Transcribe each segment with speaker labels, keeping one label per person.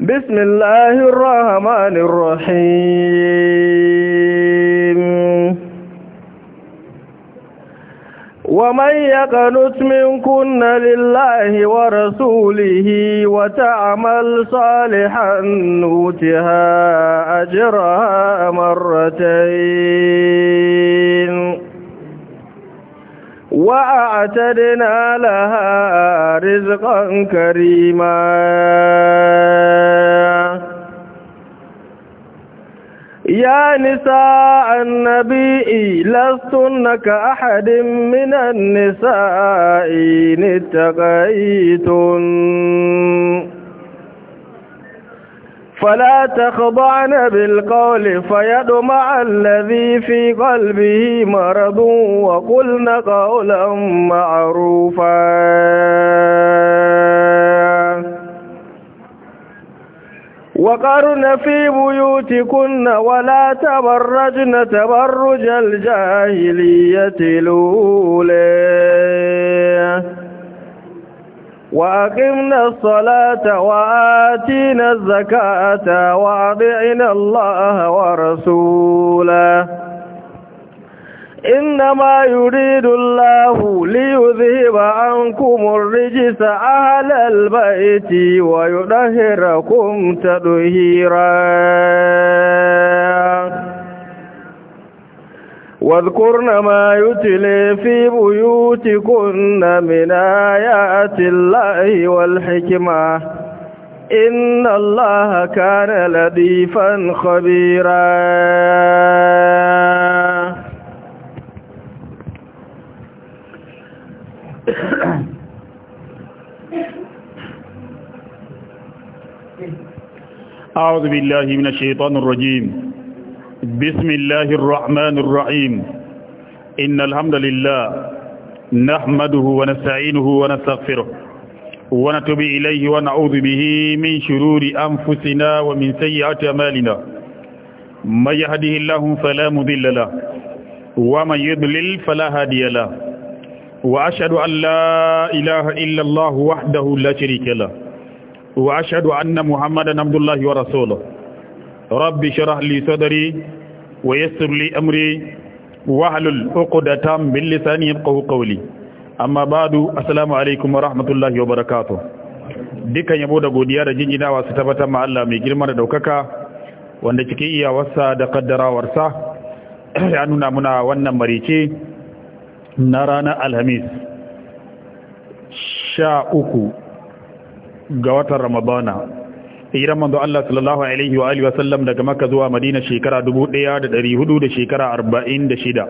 Speaker 1: بسم الله الرحمن الرحيم ومن يقنت منكن لله ورسوله وتعمل صالحا نوتها أجرها مرتين وأعتدنا لها رزقا كريما يا نساء النبي لستن كأحد من النساء إن اتقيتن فلا تخضعن بالقول فيدمع الذي في قلبه مرض وقلن قولا معروفا وقرن في بيوتكن ولا تبرجن تبرج الجاهلية الأولى وأقمنا الصلاة وآتينا الزكاة وأطعنا الله ورسوله إنما يريد الله ليذهب عنكم الرجس أهل البيت ويدهركم تدهيرا واذكرن ما يتلي في بيوتكن من آيات الله والحكمة إن الله كان لديفا خبيرا
Speaker 2: أعوذ بالله من الشيطان الرجيم بسم الله الرحمن الرحيم إن الحمد لله نحمده ونستعينه ونستغفره ونتوب إليه ونعوذ به من شرور أنفسنا ومن سيئات أمالنا من يهده الله فلا مضل له ومن يضلل فلا هادي له وأشهد أن لا إله إلا الله وحده لا شريك له وأشهد أن محمدا عبد الله ورسوله رب شرح لي صدري ويسر لي أمري وحلل عقدة من لساني يفقه قولي amma badu assalamu alaikum wa rahmatullahi wa barakatuh dukan yabo da godiya da jinjinawa su tabbatar ma Allah mai girma da daukaka wanda iya wasa da kaddarawarsa ya nuna muna wannan marice na ranar alhamis sha uku ga watan ramadana hijiran manzo Allah sallallahu alaihi wa alihi sallam daga Makka zuwa Madina shekara 1400 da shekara 46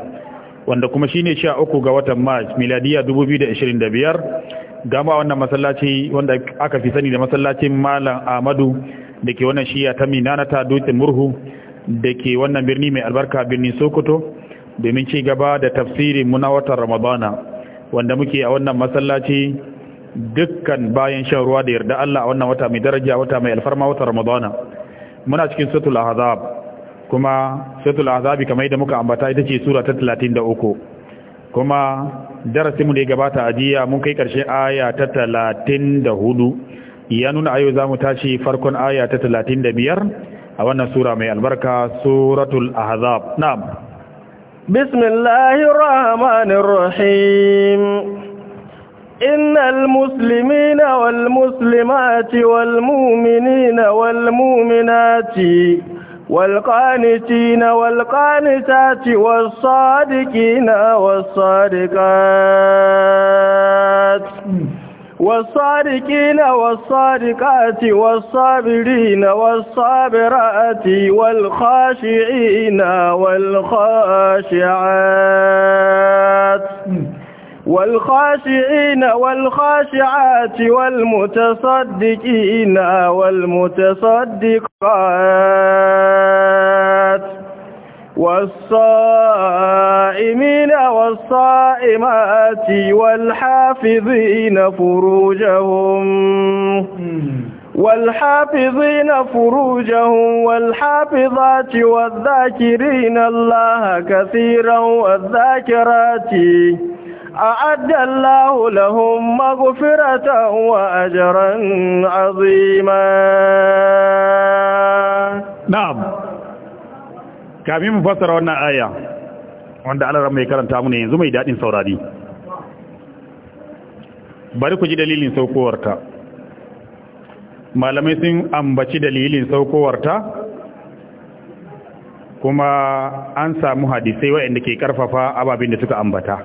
Speaker 2: wanda kuma shine 13 ga watan March miladiya 2025 gama wannan masallaci wanda aka fi sani da masallacin Malam Ahmadu da ke wannan shiya ta Minana ta Dutse Murhu da ke wannan birni mai albarka birnin Sokoto domin ci gaba da tafsirin munawatar Ramadana wanda muke a wannan masallaci dukkan bayan shan ruwa da yarda Allah a wannan wata mai daraja wata mai alfarma wata Ramadana muna cikin suratul azab. kuma suratul ahzab kamar yadda muka ambata ita ce sura ta 33 kuma darasin mu da ya gabata a jiya mun kai karshe aya ta 34 ya nuna ayo zamu tashi farkon aya ta 35 a wannan sura mai albarka suratul ahzab na'am
Speaker 1: بسم إن المسلمين والمسلمات والمؤمنين والمؤمنات والقانتين والقانتات والصادقين والصادقات والصادقين والصادقات والصابرين والصابرات والخاشعين والخاشعات والخاشعين والخاشعات والمتصدقين والمتصدقات والصائمين والصائمات والحافظين فروجهم والحافظين فروجهم والحافظات والذاكرين الله كثيرا والذاكرات أعد الله لهم مغفرة وأجرا عظيما نعم kami mu fassara wannan aya wanda Allah
Speaker 2: mai karanta mu ne yanzu mai dadin saurari bari ku ji dalilin saukowarta malamai sun ambaci dalilin saukowarta kuma an samu hadisai waɗanda ke ƙarfafa ababen da suka ambata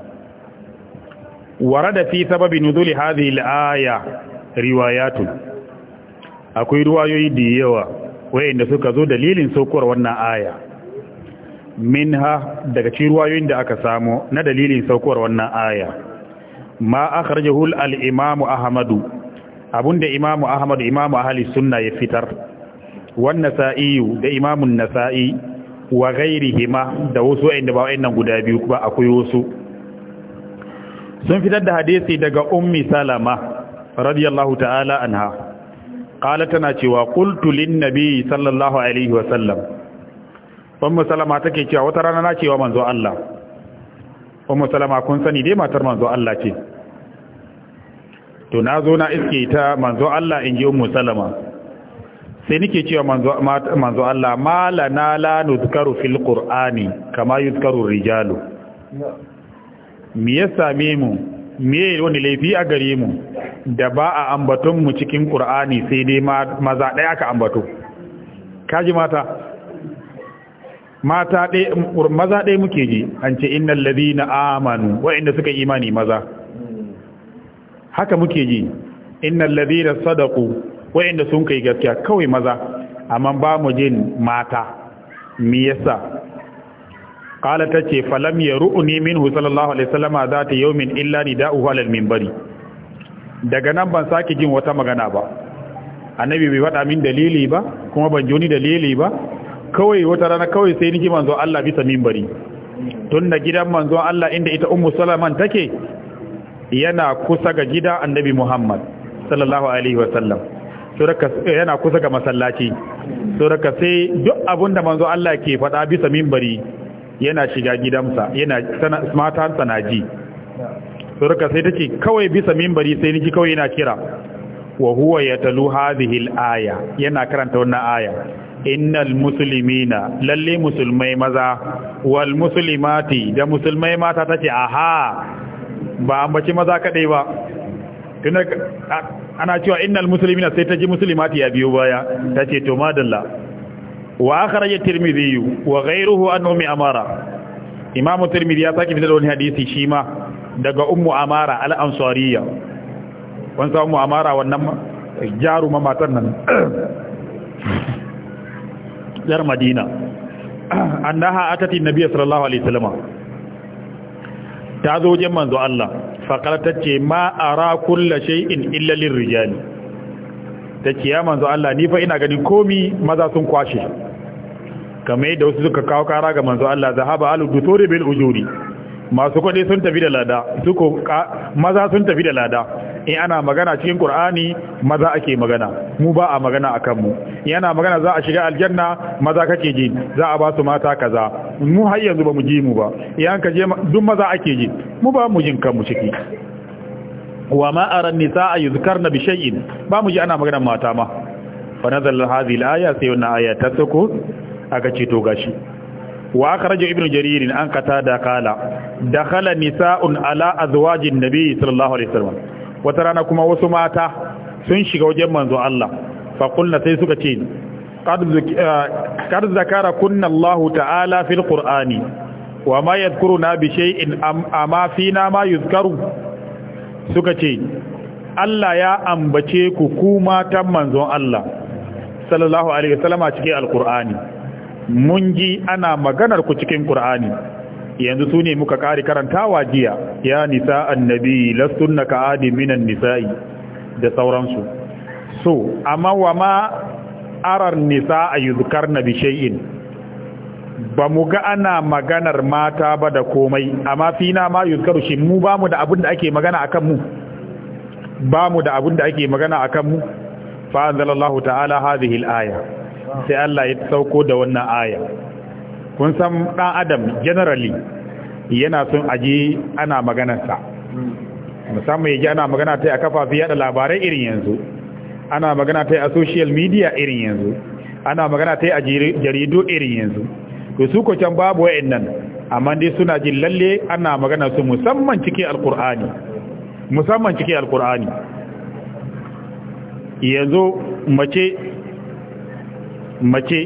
Speaker 2: warada fi sababi nuzuli hadhihi al-aya riwayatun akwai riwayoyi da yawa wayanda suka zo dalilin saukar wannan aya minha daga cikin riwayoyin da aka samo na dalilin saukar wannan aya ma akhrajahu al-imam ahmadu abunda imam ahmad imam ahli sunna ya fitar wan nasa'i da imam an-nasa'i wa ghairihima da wasu wayanda ba wayannan guda biyu ba akwai wasu sun fitar da hadisi daga ummi salama radiyallahu ta'ala anha qala tana cewa qultu lin nabi sallallahu alaihi wa sallam ummu salama take cewa wata rana na cewa manzo Allah ummu salama kun sani dai matar manzo Allah ce to na zo na iske ta manzo Allah inji ummu salama sai nake cewa manzo manzo Allah malana la nuzkaru fil qur'ani kama yuzkaru rijalu mi ya same mu yi wani laifi a gare mu da ba a ambaton mu cikin qur'ani sai dai maza ɗaya aka ambato kaji mata mata ɗaya maza ɗaya muke ji an ce innal na amanu wa'inda suka imani maza haka muke ji innal na sadaku, wa'inda sun kai gaskiya kawai maza amma ba mu jin mata mi yasa qala tace falam yaru'ni minhu sallallahu alaihi wasallama zata min illa nida'uhu alal bari. daga nan ban sake jin wata magana ba annabi bai faɗa min dalili ba kuma ban joni dalili ba kawai wata rana kawai sai niki manzo Allah bisa minbari tun da gidan manzo Allah inda ita ummu salaman take yana kusa ga gida annabi Muhammad sallallahu alaihi wasallam suraka yana kusa ga masallaci suraka sai duk abinda manzo Allah ke faɗa bisa minbari yana shiga gidansa yana na ji surka sai ta ce kawai bisa mimbari sai niji kawai yana kira wa huwa ya talu hadhihi al-aya yana karanta wannan aya innal muslimina lalle musulmai maza wal muslimati da musulmai mata tace aha ba ambaci maza kadai ba ana cewa innal muslimina sai ta ji muslimati ya biyo baya tace to madalla wa akhraj at-tirmidhi wa ghayruhu an ummi amara imamu tirmidhi ya saki fitar da wani hadisi shi daga ummu amara al-ansariya wan sa ummu wannan jaru matan nan yar madina annaha atati an-nabiy sallallahu alaihi wasallam ta zo wajen manzo Allah fa qalat ce ma ara illa ta ce ya manzo Allah ni fa ina gani komi maza sun kwashe kamar yadda wasu suka kawo kara ga manzo Allah zahaba alu duturi bil ujuri masu kwade sun tafi da lada suko maza sun tafi da lada in ana magana cikin qur'ani maza ake magana mu ba a magana akan mu yana magana za a shiga aljanna maza kake ji za a ba su mata kaza mu har yanzu ba mu ji mu ba idan ka je duk maza ake ji mu ba mu jin kanmu ciki wa ma ara nisaa yuzkarna na shay'in ba mu ji ana magana mata ma fa nazala hadhihi al-aya sai wannan aya ta sako aka ce to gashi wa akhraj ibn jarir an qatada qala dakhala nisaa'un ala azwajin nabiy sallallahu alaihi wasallam wata rana kuma wasu mata sun shiga wajen manzo Allah fa qulna sai suka ce Kar ah, zakara kunna Allah ta'ala fil qur'ani wa ma yadhkuruna bi shay'in amma fina ma yuzkaru suka ce Allah ya ambace ku kuma ta manzon Allah sallallahu alaihi wasallam a cikin alkur'ani mun ji ana maganar ku cikin qur'ani yanzu sune muka kare karantawa jiya ya nisa annabi lasunna ka adi minan nisa'i da sauransu so amma wa ma arar nisa a yuzkarna bi shay'in ba mu ga ana maganar mata ba da komai amma fina ma yuzkaru shi mu ba mu da abin da ake magana akan mu ba mu da abin da ake magana akan mu fa anzalallahu ta'ala hadhihi al-aya sai Allah ya sauko da wannan aya kun san dan adam generally yana son aje ana maganarsa musamman yaje ana magana ta a kafafi yada labarai irin yanzu ana magana ta a social media irin yanzu ana magana ta a jaridu irin yanzu to su ko can babu wa'annan amma dai suna jin lalle ana magana su musamman cikin alqur'ani musamman cikin alqur'ani yanzu mace mace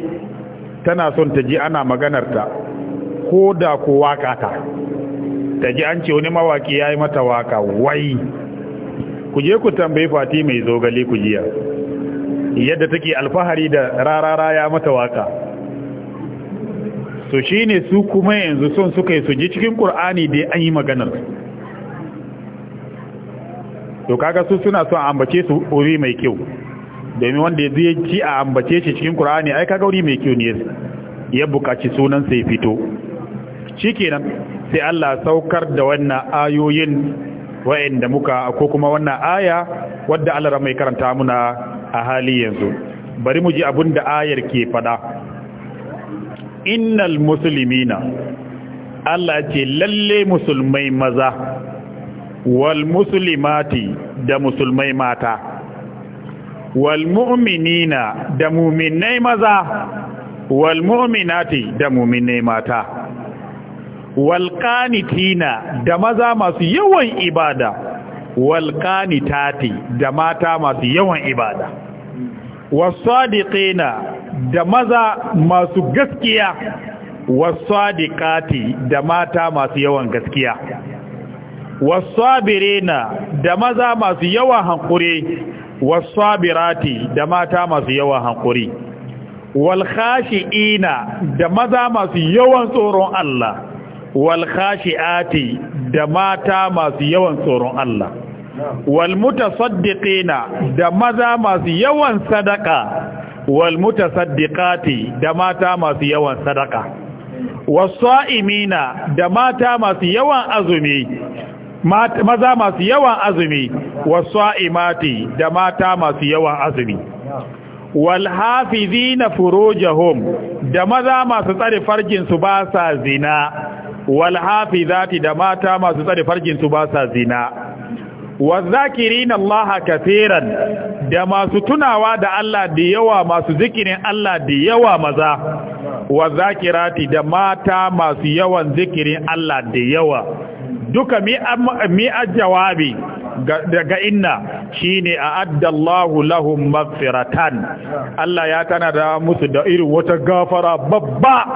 Speaker 2: tana son ta ji ana maganar ta ko da ko waka ta ta ji an ce wani mawaki ya yi mata waka wai ku je ku tambayi fati mai zogale ku jiya yadda take alfahari da rarara ya mata waka to ne su kuma yanzu son suka yi su ji cikin ƙur'ani dai an yi maganar to kaga su suna son ambace su wuri mai kyau domin wanda ya ci a ambace shi cikin ƙur'ani, ai kaga wuri mai kyau ne ya bukaci sunan sai fito Shi kenan sai Allah saukar da wannan ayoyin wa'inda muka ko kuma wannan aya wadda Allah mai karanta muna a hali yanzu bari mu ji abinda ayar ke faɗa. innal muslimina Allah ce lalle musulmai maza wal muslimati da musulmai mata wal mu'minina da mu'minai maza wal mu'minati da mu'minai mata wal qanitina da maza masu yawan ibada wal qanitati da mata masu yawan ibada was sadiqina da maza masu gaskiya adikati da mata masu yawan gaskiya wasabirina da maza masu yawan hankuri abirati da mata masu yawan hankuri walhashi'ina da maza masu yawan tsoron Allah walkhashi'ati da mata masu yawan tsoron Allah walmuta saddiƙina da maza masu yawan sadaka wal mutasaddiqati da mata masu yawan sadaka wasa'imina da mata masu yawan azumi maza masu yawan azumi wasa'imati da mata masu yawan azumi wal hafizina furujahum da maza masu tsare farjin su ba sa zina wal hafizati da mata masu tsare farjin su ba sa zina wa zakirina Allah kafiran da masu tunawa da Allah da yawa masu zikirin Allah da yawa maza wa zakirati da mata masu yawan zikirin Allah da yawa duka mi jawabi daga inna shine a addallahu lahum maghfiratan Allah ya tana da musu da irin wata gafara babba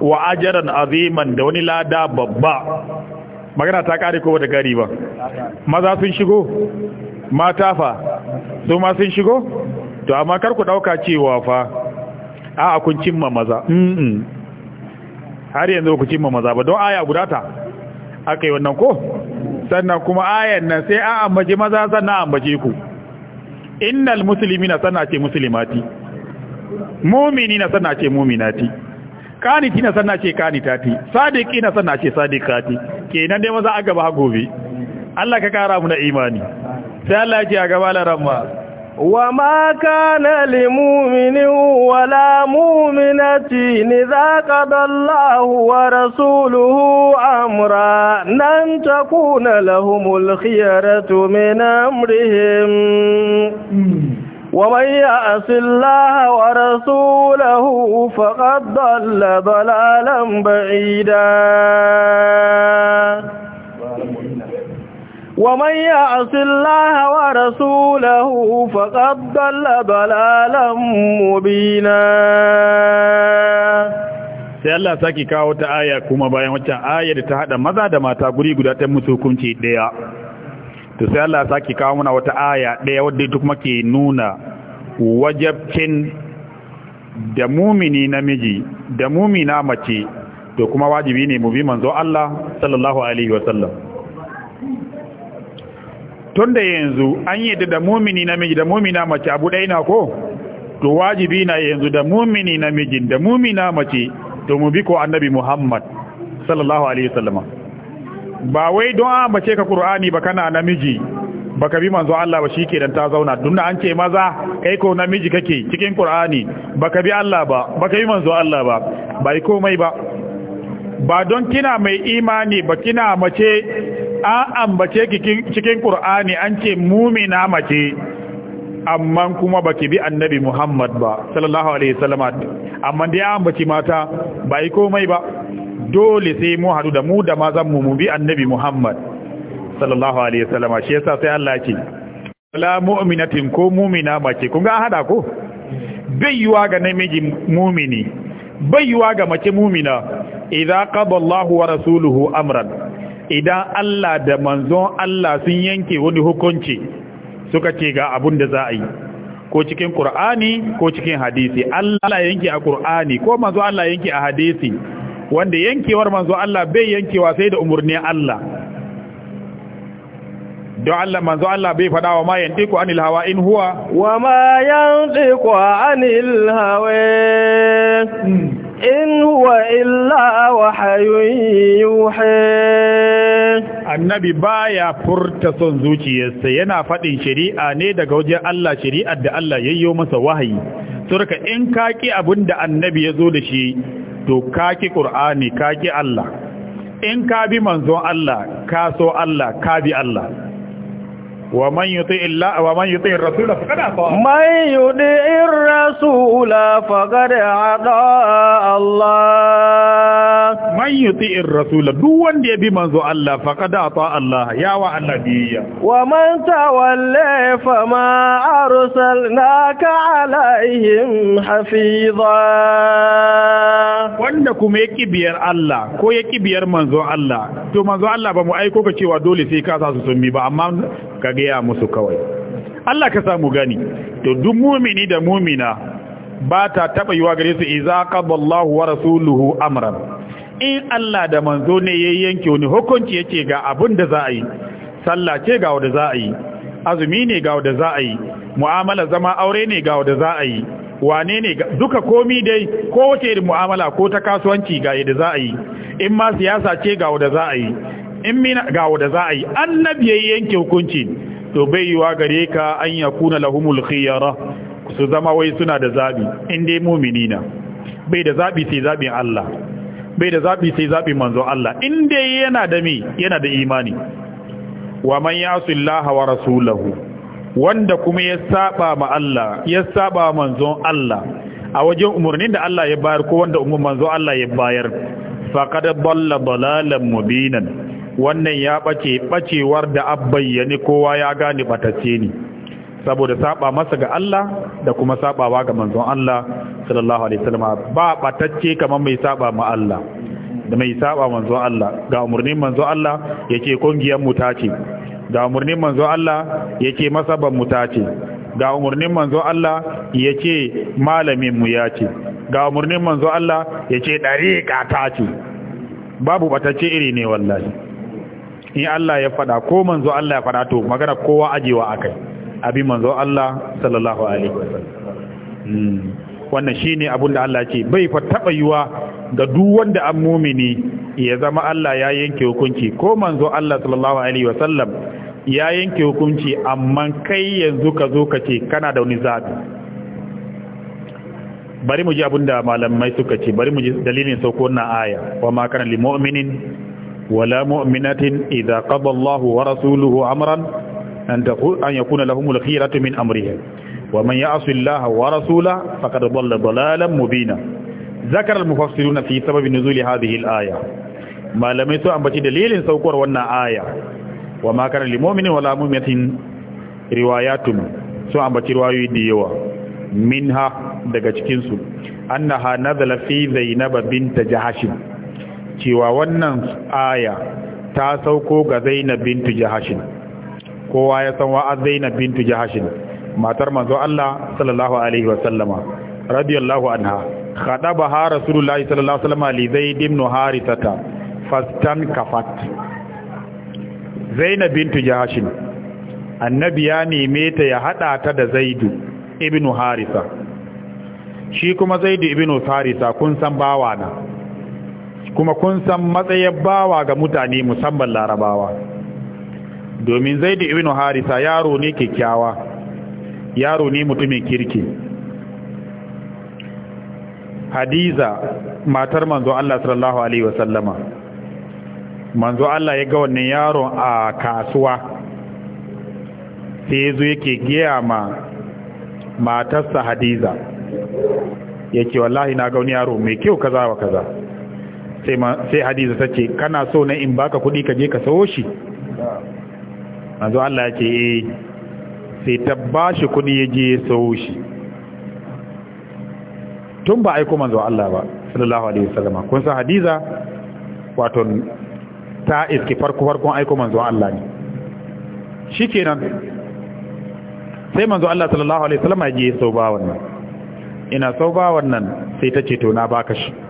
Speaker 2: wa ajaran aziman da wani lada babba magana ta kare ko bata gari ba maza sun shigo mata fa su ma sun shigo to amma kar ku dauka cewa fa a kun cimma maza mm har yanzu ku cimma maza ba don aya guda ta akai wannan ko sannan kuma ayan nan sai an ambaje maza sannan ambaje ku innal muslimina sannan ce muslimati mu'minina sannan ce mu'minati kaniti na sanna ce kanita tati. sadiki na sanna ce kenan dai maza a gaba gobe Allah ka kara mu na imani sai Allah ya ce a gaba
Speaker 1: laramma وما كان لمؤمن ولا مؤمنة إذا قضى الله ورسوله أمرا أن تكون لهم الخيرة من أمرهم ومن يعص الله ورسوله فقد ضل ضلالا بعيدا ومن يعص الله ورسوله فقد ضل ضلالا مبينا
Speaker 2: sai Allah saki kawo ta aya kuma bayan waccan ayar da ta hada maza da mata guri guda ta musu hukunci daya to sai Allah ya saki kawo muna wata aya ɗaya wadda duk kuma ke nuna wajabcin da mumini namiji da mumina mace to kuma wajibi ne mu bi manzo Allah sallallahu alaihi wa sallam tunda yanzu an yi da mumini namiji da mumina mace abu ɗaya na ko to wajibi na yanzu da mumini namijin da mumina mace to mu bi ko annabi Muhammad sallallahu alaihi wa sallam. ba wai don an bace ka qur'ani ba kana namiji baka bi manzo Allah ba shike dan ta zauna dunna an ce maza kai ko namiji kake cikin qur'ani baka bi Allah ba baka bi manzo Allah ba bai komai ba ba don kina mai imani ba kina mace an ambace cikin Kur'ani an ce mumina mace amma kuma baki bi annabi Muhammad ba sallallahu alaihi wasallam amma dai an ambaci mata ba yi komai ba dole sai mu hadu da mu da ma mu mu bi annabi Muhammad sallallahu alaihi wasallam shi yasa sai Allah ce la mu'minatin ko mu'mina mace kun ga hada ko bayyuwa ga namiji mu'mini bayyuwa ga mace mu'mina idza qada Allahu wa rasuluhu amran idan Allah da manzon Allah sun yanke wani hukunci suka ce ga abun da za a yi ko cikin Qur'ani ko cikin hadisi Allah yanke a Qur'ani ko manzo Allah yanke a hadisi wanda yankewar manzo Allah bai yankewa sai da umurni Allah don Allah manzo Allah bai fada wa ma yantiku anil hawa in huwa
Speaker 1: wa ma yantiku anil hawa in huwa illa wahyun yuha
Speaker 2: annabi baya furta son zuciyarsa yana fadin shari'a ne daga wajen Allah shari'ar da Allah yayyo masa wahayi surka in kaki abinda annabi yazo da shi to kaki ƙur'ani kaki Allah in ka bi manzon Allah ka so Allah ka bi Allah ومن يطيع الرسول فقد اطاع من يطيع الرسول فقد اطاع الله من يطيع الرسول duk wanda ya bi manzo Allah faqad ata Allah ya wa annabiyya
Speaker 1: wa man tawalla fama arsalnaka alaihim hafiza
Speaker 2: wanda kuma yaki biyar Allah ko yaki biyar manzo Allah to manzo Allah ba aiko ka cewa dole sai ka sa ba ka gaya musu kawai Allah ka samu gani to duk mumini da mumina ba ta taɓa yiwa gare su iza qaballahu wa rasuluhu amran in Allah da manzo ne ya yanke wani hukunci yake ga abin da za a yi sallah ce ga wanda za a yi azumi ne ga wanda za a yi mu'amala zama aure ne ga wanda za a yi wane ne duka komi dai ko wace irin mu'amala ko ta kasuwanci ga yadda za a yi in ma siyasa ce ga wanda za a yi in mina ga wanda za a yi annabi ya yanke hukunci to bai yi wa gare ka an ya kuna lahumul khiyara su zama wai suna da zabi in dai mumini na bai da zabi sai zabin Allah bai da zabi sai zabin manzo Allah in dai yana da mi yana da imani wa man yasu wa rasulahu wanda kuma ya saba ma Allah ya saba manzon Allah a wajen umarnin da Allah ya bayar ko wanda umman manzo Allah ya bayar faqad dalla dalalan mubinan wannan ya bace bacewar da abbayyani kowa ya gane batace ne saboda saba masa ga Allah da kuma sabawa ga manzon Allah sallallahu alaihi wasallam ba batace kamar mai saba ma Allah da mai saba manzon Allah ga umurnin manzon Allah yake kungiyar mu tace ga umurnin manzon Allah yake masaban mu tace ga umurnin manzon Allah yake malamin mu yace ga umurnin manzon Allah yake dariqa tace babu batacce iri ne wallahi in Allah ya faɗa ko manzo Allah ya faɗa to magana kowa ajewa akai abin manzo Allah sallallahu alaihi wasallam hmm. wannan shine abin da Allah ce bai fa taba yiwa ga duk wanda an mumini ya zama Allah ya yanke hukunci ko manzo Allah sallallahu alaihi wasallam ya yanke hukunci amma kai yanzu ka zo ka ce kana da wani zabi bari mu ji abin da malamai suka ce bari mu ji dalilin sauko na aya wa ma kana lil mu'minin ولا مؤمنة إذا قضى الله ورسوله أمرا أن تقول أن يكون لهم الخيرة من أمرهم ومن يعص الله ورسوله فقد ضل ضلالا مبينا ذكر المفسرون في سبب نزول هذه الآية ما لم يسوء أن بشي دليل سوكر ونا آية وما كان لمؤمن ولا مؤمنة روايات سوء أن بشي رواية ديوة منها دقشكنسو أنها نزل في زينب بنت جهشم cewa wannan aya ta sauko ga Zainab bintu Jahashin kowa ya san wa Zainab bintu Jahashin matar manzo Allah sallallahu alaihi wasallama radiyallahu anha khadabaha rasulullahi sallallahu alaihi wasallama li Zaid ibn Harithata fastan kafat Zainab bintu Jahashin annabi ya neme ta ya hada ta da Zaidu ibn Haritha shi kuma Zaidu ibn Haritha kun san bawana kuma kun san matsayin bawa ga mutane musamman larabawa domin zaidu ibn harisa yaro ne kyakkyawa yaro ne mutumin kirki hadiza matar manzo Allah sallallahu alaihi wasallama manzo Allah ya ga wannan yaron a kasuwa sai yazo yake giya ma matarsa hadiza yake wallahi na ga wani yaro mai kyau kaza wa kaza sai hadiza ta ce kana so na in baka kuɗi ka je ka sawo shi manzo Allah ya ce eh sai ta bashi kuɗi ya je ya sawo shi tun ba aiko manzo Allah ba sallallahu alaihi wasallam kun san hadiza wato ta iski farko farkon aiko manzo Allah ne shikenan sai manzo Allah sallallahu alaihi wasallam ya je ya sau ba wannan ina sau ba wannan sai ta ce to na baka shi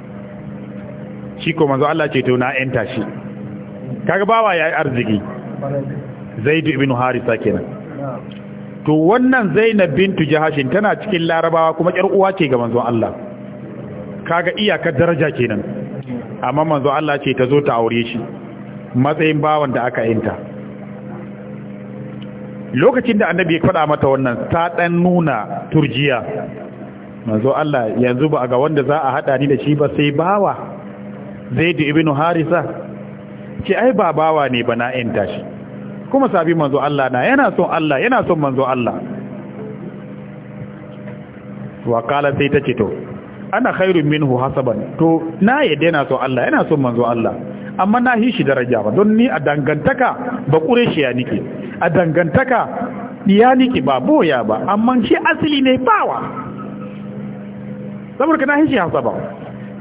Speaker 2: shi ko manzo Allah ce to na enta shi kaga bawa yayi arziki Zaid ibn Harisa kenan to wannan Zainab bintu Jahashin tana cikin Larabawa kuma ƴar uwa ce ga manzo Allah kaga iyakar daraja kenan amma manzo Allah ce ta zo ta aure shi matsayin bawan da aka enta lokacin da annabi ya faɗa mata wannan ta ɗan nuna turjiya manzo Allah yanzu ba ga wanda za a haɗa ni da shi ba sai bawa zaidu ibn harisa ce ai ba bawa ne ba in tashi, kuma sabi manzo Allah na yana son Allah yana son manzo Allah wa kala sai ta ce to ana khairu minhu hasaban to na yadda yana son Allah yana son manzo Allah amma na hishi daraja ba don ni a dangantaka ba kureshi ya nike a dangantaka ya nike ba boya ba amma shi asali ne bawa saboda na hishi hasaba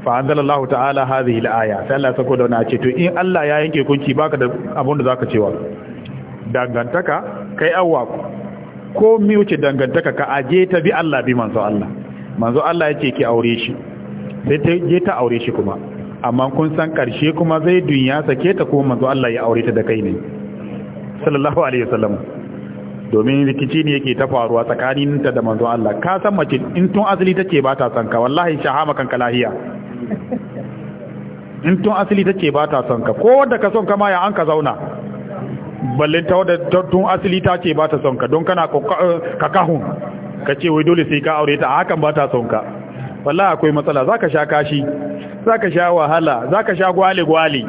Speaker 2: fa anzalallahu ta'ala hadhihi al-aya sai Allah sako da wani ce to in Allah ya yanke kunki baka da abin da zaka cewa dangantaka kai awwa ko mi wuce dangantaka ka aje ta bi Allah bi manzo Allah manzo Allah ce ki aure shi sai ta je ta aure shi kuma amma kun san karshe kuma zai dunya sake ta kuma manzo Allah ya aure ta da kai ne sallallahu alaihi wasallam domin rikici ne yake ta faruwa tsakaninta da manzo Allah ka san mace in tun asali take ba ta san ka wallahi shahama kanka lahiya in tun asali ta ce ba ta son ka ko wadda ka son ka ya an ka zauna ballin ta wadda tun asali ta ce ba ta son ka don kana ka eh, kahun ka ce wai dole sai ka aure ta hakan ba ta son ka walla akwai matsala za ka sha kashi za ka sha wahala za ka sha gwale gwale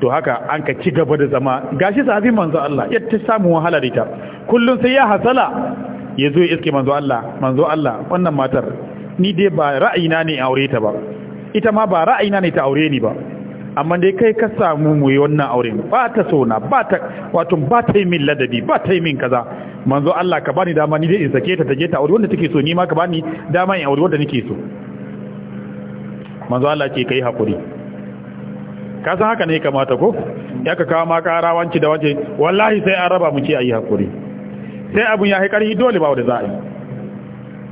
Speaker 2: to haka an ka ci gaba da zama gashi sahabi manzo Allah ya ta samu wahala da ita kullun sai ya hasala ya zo ya iske manzo Allah manzo Allah wannan matar ni dai ba ra'ayina ne aure ta ba ita ma ba ra'ayina ne ta aure ni ba amma dai kai ka samu mu yi wannan auren ba ta sona ba ta wato ba ta yi min ladabi ba ta yi min kaza manzo Allah ka bani dama ni dai in sake ta ta je ta aure wanda take so ni ma ka bani dama in aure wanda nake so manzo Allah ce kai hakuri ka san haka ne kamata ko ya ka kawo ma kara wanci da wace wallahi sai an raba mu ce ayi hakuri sai abun ya haikari dole ba wanda za a yi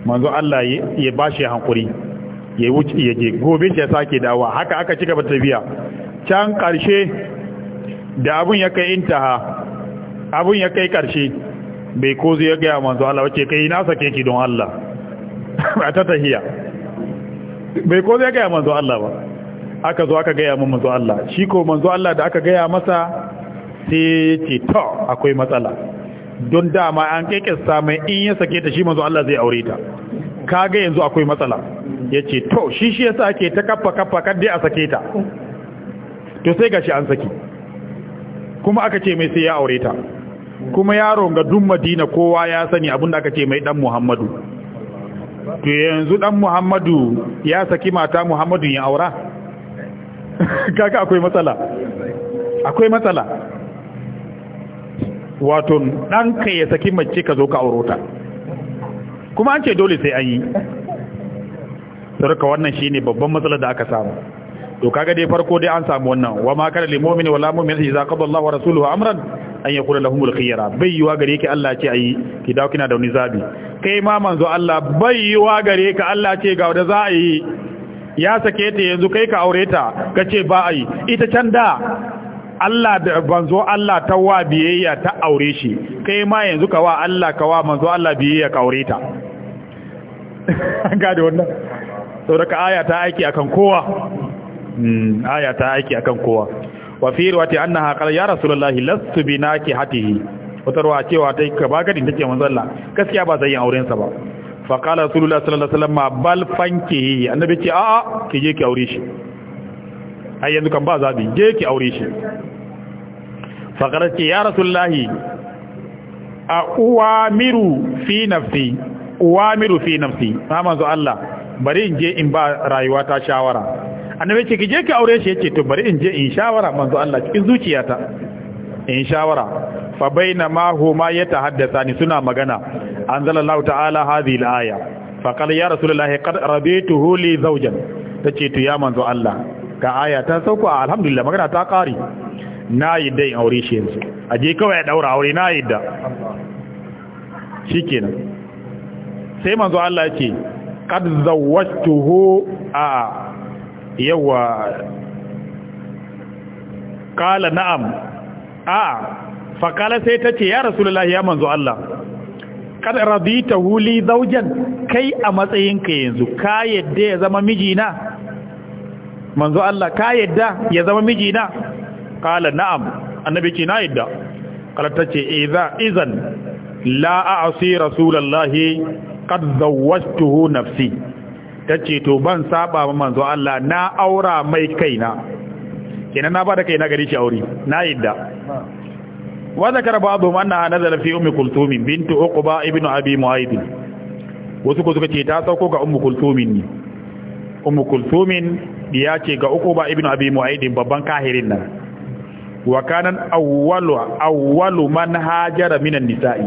Speaker 2: manzo Allah ya bashi hankuri ya wuce ya je gobe ya sake dawa haka aka ci gaba tafiya can karshe da abun ya kai intaha abun ya kai karshe bai ko zai ga manzo Allah wace kai na sake ki don Allah ba ta tahiya bai ko zai ga manzo Allah ba aka zo aka gaya mun manzo Allah shi ko manzo Allah da aka gaya masa sai ce to akwai matsala don dama an kekesta mai in ya sake ta shi manzo Allah zai aure ta kaga yanzu akwai matsala yace to shi shi yasa ake ta kaffa kaffa kar dai a sake ta to sai gashi an saki kuma aka ce mai sai ya aure ta kuma yaron ga dun Madina kowa ya sani abinda aka ce mai dan Muhammadu to yanzu dan Muhammadu ya saki mata Muhammadu ya aura kaga akwai matsala akwai matsala wato ɗanka ya saki mace ka zo ka aurota kuma an ce dole sai an yi sarka wannan shine babban matsala da aka samu to kaga dai farko dai an samu wannan wa ma kana lil mu'mini wala mu'minati idza qada Allah wa rasuluhu amran an yakuna lahumul khiyara bai yuwa gare ki Allah ce ayi ki dawo kina da wani zabi kai ma manzo Allah bai yuwa gare ka Allah ce ga wanda za a yi ya sake ta yanzu kai ka aure ta kace ba a yi ita can da Allah da banzo Allah ta wa biyayya ta aure shi kai ma yanzu ka wa Allah ka wa manzo Allah biyayya ka aure ta gade wannan sau daga aya ta aiki akan kowa hmm, aya ta aiki akan kowa wa fi riwati annaha qala ya rasulullahi lastu binaki hatihi wata ruwa cewa ta ka ba gadin take manzo Allah gaskiya ba zai yin auren sa ba fa qala rasulullahi sallallahu alaihi wasallam bal fankihi annabi ce a'a ki je ki aure shi ai yanzu kan ba zabi je ki aure shi faqarat ya rasulullahi a uwamiru fi nafsi uwamiru fi nafsi amma manzo Allah bari in je in ba rayuwa ta shawara annabi ce ki je ki aure shi yace to bari in je in shawara manzo Allah cikin zuciyata in shawara fa baina ma huma yatahaddathani suna magana anzalallahu ta'ala hadhihi al-aya fa qala ya rasulullahi qad radituhu li zawjan tace to ya manzo Allah Ka aya ta sauko alhamdulillah magana ta kare na yi in aure shi yanzu aje kawai ya daura aure na yadda shikenan sai manzo Allah yake qad zawwajtuhu a yawa kala na'am a fakala sai ta ce ya rasulullahi ya manzo Allah kad radita huli zaujan kai a matsayinka yanzu ka yadda ya zama mijina manzo Allah ka yadda ya zama mijina Kala na'am annabi ce na yadda qala tace idza idan la a'si rasulullahi qad zawwajtuhu nafsi tace to ban saba ma manzo Allah na aura mai kaina kenan na bada kaina gari shi aure na yadda wa zakara ba'dhum anna nazala fi ummi kulthum bint uqba ibn abi muayd wasu ko suka ce ta sauko ga ummu kulthum ne umu kulthumin ya ce ga uku ba ibn abi mu'aidin babban kahirin nan wa kanan awwalu awwalu man hajara minan nisa'i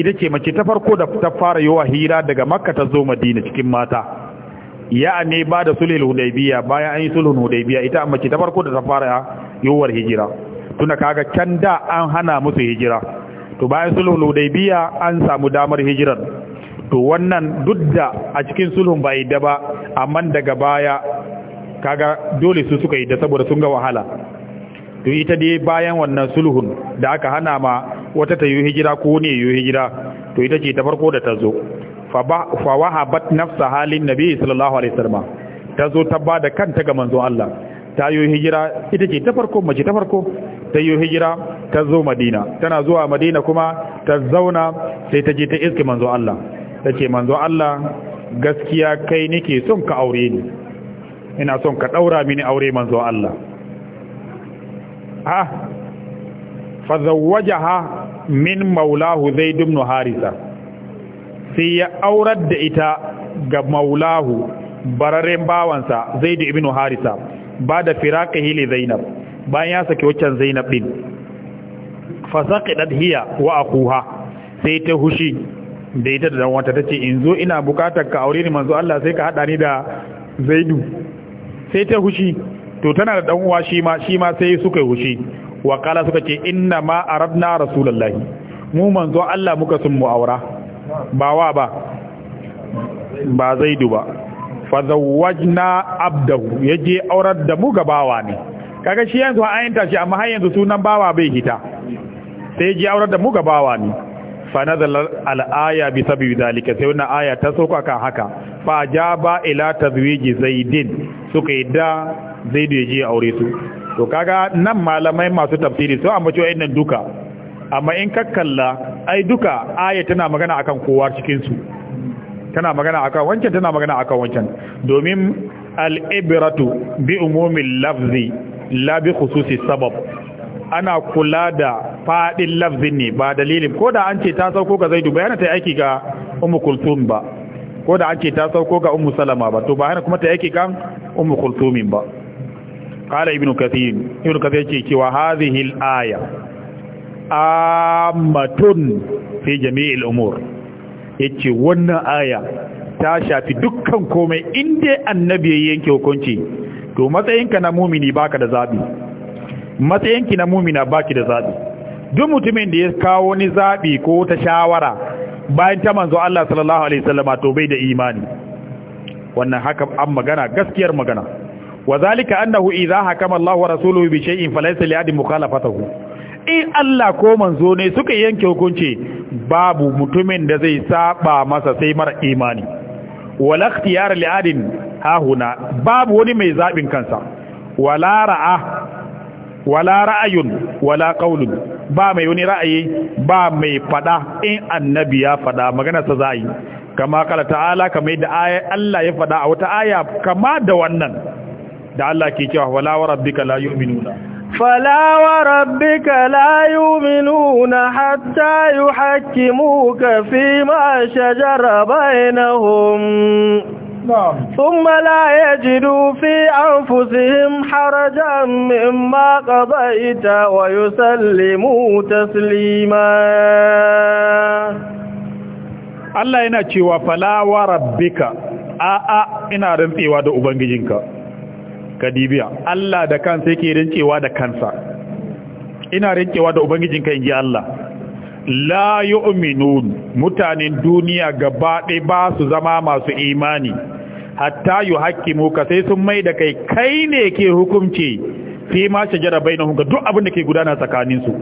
Speaker 2: ita ce mace ta farko da ta fara yawa hira daga makka ta zo madina cikin mata ya ne ba da sulhul hudaybiya bayan an yi sulhul hudaybiya ita mace ta farko da ta fara yawar hijira tuna kaga can da an hana musu hijira to bayan sulhul hudaybiya an samu damar hijirar to wannan duk da a cikin sulhun ba da ba amma daga baya kaga dole su suka yi da saboda sun ga wahala to ita dai bayan wannan sulhun da aka hana ma wata ta yi hijira ko ne yi hijira to ita ce ta farko da ta zo fa wahabat nafsa halin nabi sallallahu alaihi wasallam ta zo ta ba da kanta ga manzon Allah ta yi hijira ita ce ta farko mace ta farko ta yi hijira ta zo Madina tana zuwa Madina kuma ta zauna sai ta je ta iske manzon Allah ta ce manzo Allah gaskiya kai nake son ka aure ni ina son ka ɗaura mini aure manzo Allah ah ha min maulahu zai ibn harisa sai ya aurar da ita ga maulahu bararren bawansa zaid ibn harisa ba da firaqihi hili zainab bayan ya saki waccan zainab din fasaqidat hiya wa akuha sai ta hushi da ita da dan wata tace in zo ina bukatar ka aure ni manzo Allah sai ka hada ni da Zaidu sai ta hushi to tana da dan uwa shi ma shi ma sai suka hushi wa kala suka ce inna ma aradna rasulullahi mu manzo Allah muka sun mu aura ba wa ba ba Zaidu ba fa zawwajna abdahu yaje aurar da mu gabawa ne kaga shi yanzu an yanta shi amma har yanzu sunan bawa bai hita sai je aurar da mu gabawa ne fa nazala al-aya bi sababi dalika sai wannan aya ta sauka kan haka fa jaba ila tazwiji zaidin suka yadda zaidu ya je aure su to kaga nan malamai masu tafsiri so amma cewa wayannan duka amma in ka kalla ai duka aya tana magana akan kowa cikin su tana magana akan wancan tana magana akan wancan domin al-ibratu bi umumil lafzi la bi khususi sabab ana kula da fadin lafzin ne ba dalilin ko da an ce ta sauko ga zaidu bayana ta aiki ga ummu kulthum ba ko da an ce ta sauko ga ummu salama ba to bayana kuma ta aiki ga ummu kulthumin ba qala ibnu kathir ibnu kathir ce cewa hadhihi al-aya ammatun fi al umur yace wannan aya ta shafi dukkan komai inda annabi ya yanke hukunci to matsayinka na mumini baka da zabi matsayinki na mumina baki da zabi duk mutumin da ya kawo ni zabi ko ta shawara bayan ta manzo Allah sallallahu alaihi wasallama to bai da imani wannan haka an magana gaskiyar magana wazalika annahu idza hakama Allah wa rasuluhu bi shay'in falaysa li adi mukhalafatahu in Allah ko manzo ne suka yanke hukunci babu mutumin da zai saba masa sai mara imani wala ikhtiyar li adin ha huna babu wani mai zabin kansa wala ra'a wala ra'ayun wala qaulun ba mai wani ra'ayi ba mai fada in annabi ya fada magana ta zai kama kala ta'ala kamar da aya Allah ya fada a wata aya
Speaker 1: kama da wannan
Speaker 2: da Allah ke cewa wala wa rabbika la yu'minuna
Speaker 1: فلا وربك لا يؤمنون حتى يحكموك فيما شجر بينهم ثم لا يجدوا في أنفسهم حرجا مما قضيت ويسلموا تسليما
Speaker 2: Allah yana cewa fala wa rabbika a'a ina rantsewa da ubangijinka kadibiya Allah da kansa yake rantsewa da kansa ina rantsewa da ubangijinka inji Allah la yu'minun mutanen duniya gaba ɗaya ba su zama masu imani hatta hakimu ka sai sun mai da kai kai ne ke hukunci fi ma shajara bainahum ga duk abin da ke gudana tsakaninsu su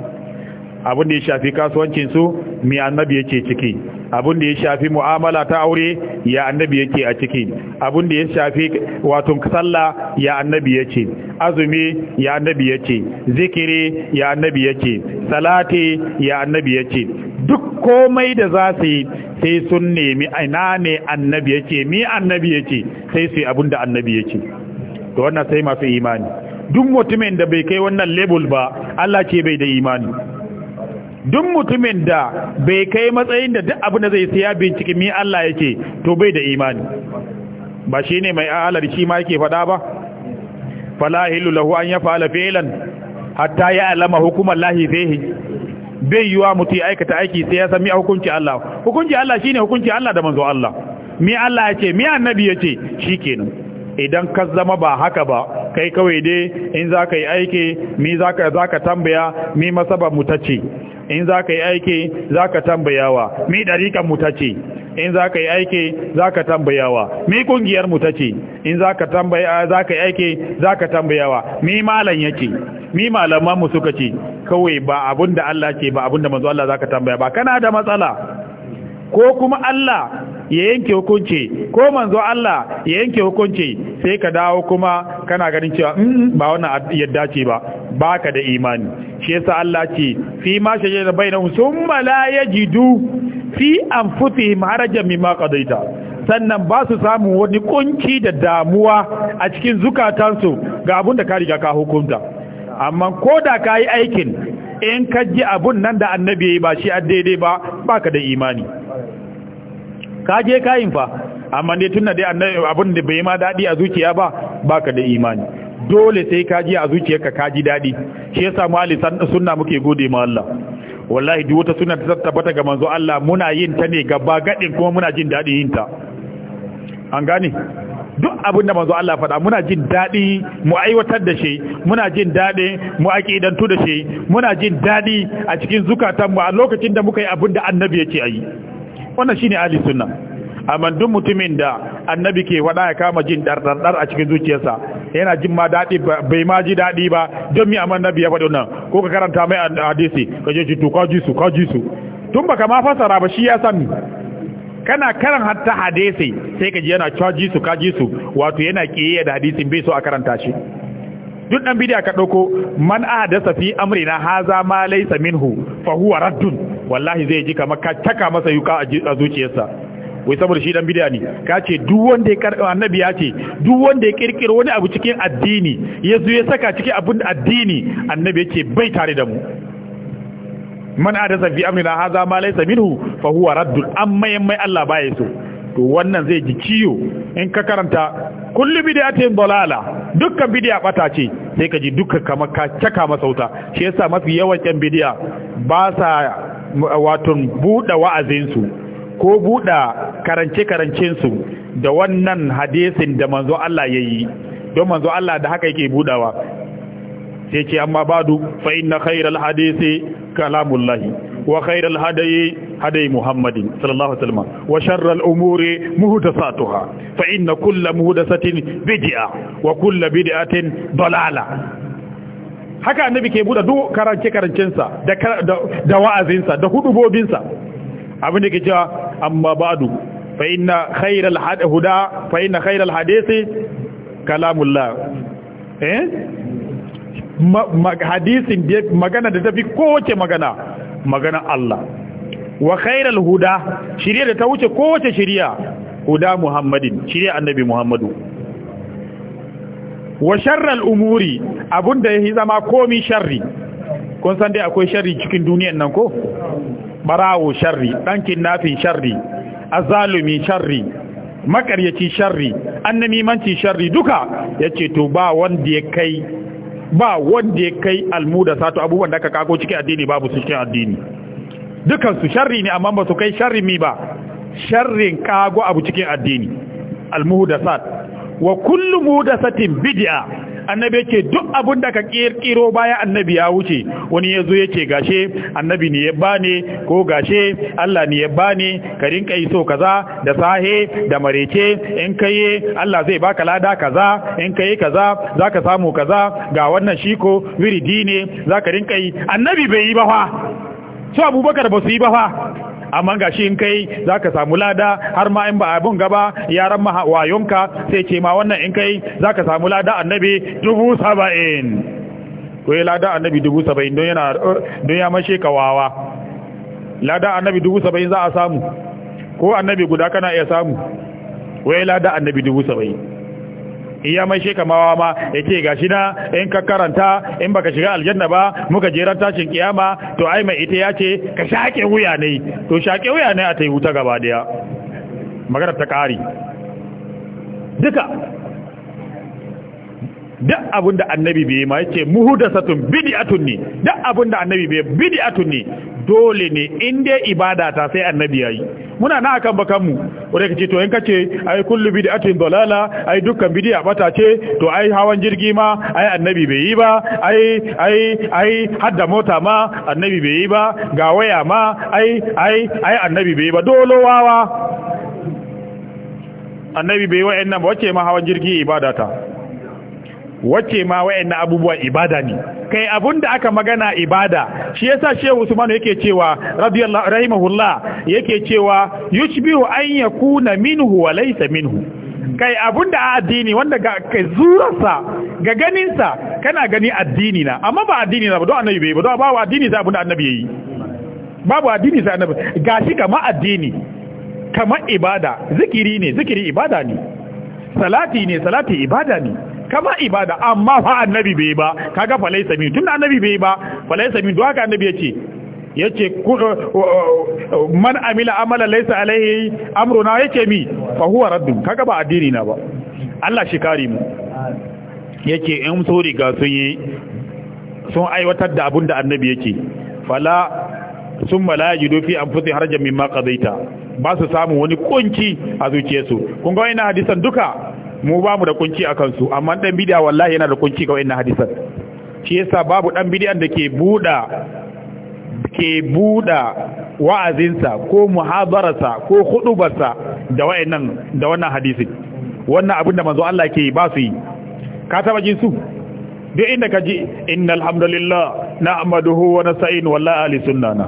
Speaker 2: abin da ya shafi kasuwancin su mi annabi yake ciki Abun da ya shafi mu'amala ta aure ya annabi yake a ciki Abun da ya shafi wato sallah ya annabi yake azumi ya annabi yake zikiri ya annabi yake salati ya annabi yake duk komai da za su yi sai sun nemi ina ne annabi yake mi annabi yake sai su yi da annabi yake to wannan sai masu imani duk mutumin da bai kai wannan label ba Allah ce bai da imani duk mutumin da bai kai matsayin da duk abin da zai siya bincike mi Allah yake to bai da imani ba shi ne mai ahalar shi ma yake faɗa ba falahilu lahu an ya fa'ala fi'lan hatta ya alama hukumar lahi fihi bai yiwa mutu ya aikata aiki sai ya san mi hukunci Allah hukunci Allah shine hukunci Allah da manzo Allah mi Allah yake mi annabi yake shikenan idan ka zama ba haka ba kai kawai dai in za ka yi aiki mi za ka tambaya mi masaba mutacce in za ka yi aiki za ka tambayawa mi ɗariƙan mu ta ce in za ka yi aiki za ka tambayawa mi ƙungiyar mu ta ce in za ka za ka yi aiki za ka tambayawa mi malam ya ce mi malaman mu suka ce kawai ba abun da Allah ce ba abun da manzo Allah za ka tambaya ba kana da matsala ko kuma Allah ya yanke hukunci ko manzo Allah ya yanke hukunci sai ka dawo kuma kana ganin cewa mm, mm, ba wannan yadda ce ba baka da imani shi yasa Allah ce fi ma da bainu summa la yajidu fi anfusihim harajan mimma qadaita sannan ba su samun wani kunci da damuwa a cikin zukatansu ga abun da ka riga ka hukunta amma ko da ka yi aikin in ka ji abun nan da annabi ya yi ba shi a daidai ba baka da imani ka je kayin fa amma dai tunna dai annabi abin da bai ma dadi a zuciya ba baka da imani dole sai ka ji a zuciyarka ka ji dadi shi yasa mu ali sunna muke gode ma Allah wallahi duk wata sunna ta tabbata ga manzo Allah muna yin ta ne gaba gadin kuma muna jin dadi yin ta an gane duk abin da manzo Allah faɗa muna jin dadi mu aiwatar da shi muna jin dadi mu tu da shi muna jin dadi a cikin zukatanmu a lokacin da muka yi abin da annabi yake a yi wannan shine ahli sunna amma duk mutumin da annabi ke wada ya kama jin dardardar a cikin zuciyarsa yana jin ma dadi bai ma ji dadi ba don mi amma annabi ya faɗi nan ko ka karanta mai hadisi ka je to ka ji su ka ji su tun baka ma fasara ba shi ya sani kana karan hatta hadisi sai ka ji yana caji su ji su wato yana kiyaye da hadisin bai so a karanta shi duk dan bidiya ka dauko man ahdasa fi amrina haza ma laysa minhu fa huwa raddun wallahi zai ji kamar ka taka masa yuka a zuciyarsa wai saboda shi dan bid'a ne ka ce duk wanda ya karɓi annabi ya ce duk wanda ya kirkiro wani abu cikin addini ya zo ya saka cikin abin addini annabi yake bai tare da mu man adasa fi amrina hadha ma laysa minhu fa huwa raddul amma yamma Allah baya so to wannan zai ji ciyo in ka karanta kullu bid'atin dalala dukkan bid'a bata ce sai ka ji dukkan kamar ka caka masauta shi yasa mafi yawan yan bid'a ba sa waton buɗa wa’azinsu ko buɗa karance-karancensu da wannan hadisin da manzo Allah ya yi don manzo Allah da haka yake buɗawa sai ce amma badu fa'inna na khairar hadisi kalamullahi wa khairar hadayi hadayi muhammadin sallallahu ala'uwa wa sharar umuri muhuta satuha fa’in na kulla muhuta satin bidi'a wa kulla bidi'atin Dalala. haka annabi ke buɗe duk karance karancensa da da wa'azinsa da hudubobinsa abin da ke cewa amma ba'du fa inna khayral huda fa inna khayral hadisi kalamullah eh hadisin magana da tafi kowace magana magana Allah wa khairal huda shirya da ta wuce kowace shirya huda muhammadin shirya annabi muhammadu wa sharral umuri abunda yahi zama komi sharri kun san dai akwai sharri cikin duniyar nan ko barawo sharri dankin nafin sharri azalumi sharri makaryaci sharri annamimanci sharri duka yace to ba wanda ya kai ba wanda ya kai almuda sato abubuwan da aka kago cikin addini babu su cikin addini dukan su sharri ne amma ba su kai sharri mi ba sharrin kago abu cikin addini almuhdasat wa kullu satin bid'a annabi yake duk abun da ka kirkiro baya annabi ya wuce wani yazo yake gashe annabi ne ya bane ko gashe Allah ne ya bane ka rinka yi so kaza da sahe da marece in kai Allah zai baka lada kaza in yi kaza zaka samu kaza ga wannan shiko wiridi ne zaka rinka yi annabi bai yi ba fa su abubakar ba su yi ba fa amma ga shi in kai za ka samu lada har ma in ba abin gaba yaran ma wayonka sai ce ma wannan in kai za ka samu lada annabi dubu saba'in ko yi lada annabi dubu saba'in don yana don ya mashe kawawa lada annabi dubu saba'in za a samu ko annabi guda kana iya samu wai lada annabi dubu saba'in iya mai sheka mawa ma ya ce gashi na in ka karanta in baka shiga aljanna ba muka jeran tashin kiyama to ai mai ita ya ce ka shake wuya ne to shake wuya ne a ta yi wuta gaba daya magana ta ƙari duka duk abin da annabi bai ma yace muhudasatun bid'atun ne duk abin da annabi bai bid'atun ne dole ne inda ibada ta sai annabi yayi muna na akan bakan mu wanda kace to in kace ai kullu bid'atin dalala ai dukkan bid'a bata ce to ai hawan jirgi ma ai annabi bai yi ba ai ai ai hadda mota ma annabi bai yi ba ga waya ma ai ai ai annabi bai yi ba Dole wawa annabi bai yi wa'annan ba wace ma hawan jirgi ibada ta wace ma wayanna abubuwa ibada ne kai abun da aka magana ibada shi yasa shehu usmanu yake cewa rahimahullah yake cewa yushbihu an yakuna minhu wa laysa minhu kai abun a addini wanda ga kai zurarsa ga ganinsa kana gani addini na amma ba addini na ba don annabi bai ba don ba addini sai da annabi yayi babu addini sai annabi gashi kama addini kama ibada zikiri ne zikiri ibada ne salati ne salati ibada ne kama ibada amma fa annabi bai ba kaga fa laysa min tunda annabi bai ba fa laysa min duka annabi yace yace uh, uh, uh, man amila amala laysa alaihi amruna yace mi fa huwa raddu kaga ba addini na ba Allah shi kare mu yace in so riga sun yi sun aiwatar da abunda annabi yake fala sun malaji dofi an fusi harajan mimma qadaita ba su samu wani kunci a zuciyarsu kun ga na hadisan duka mu ba mu da kunci a kansu amma ɗan bid'a wallahi yana da kunci ga wannan hadisan shi yasa babu ɗan bid'an da ke buɗa ke buɗa wa'azinsa ko muhabararsa ko hudubarsa da da wannan hadisin wannan abin da manzo Allah ke ba su yi ka taba jin su duk inda ka ji innal hamdalillah na'maduhu wa wallahi Ali sunnana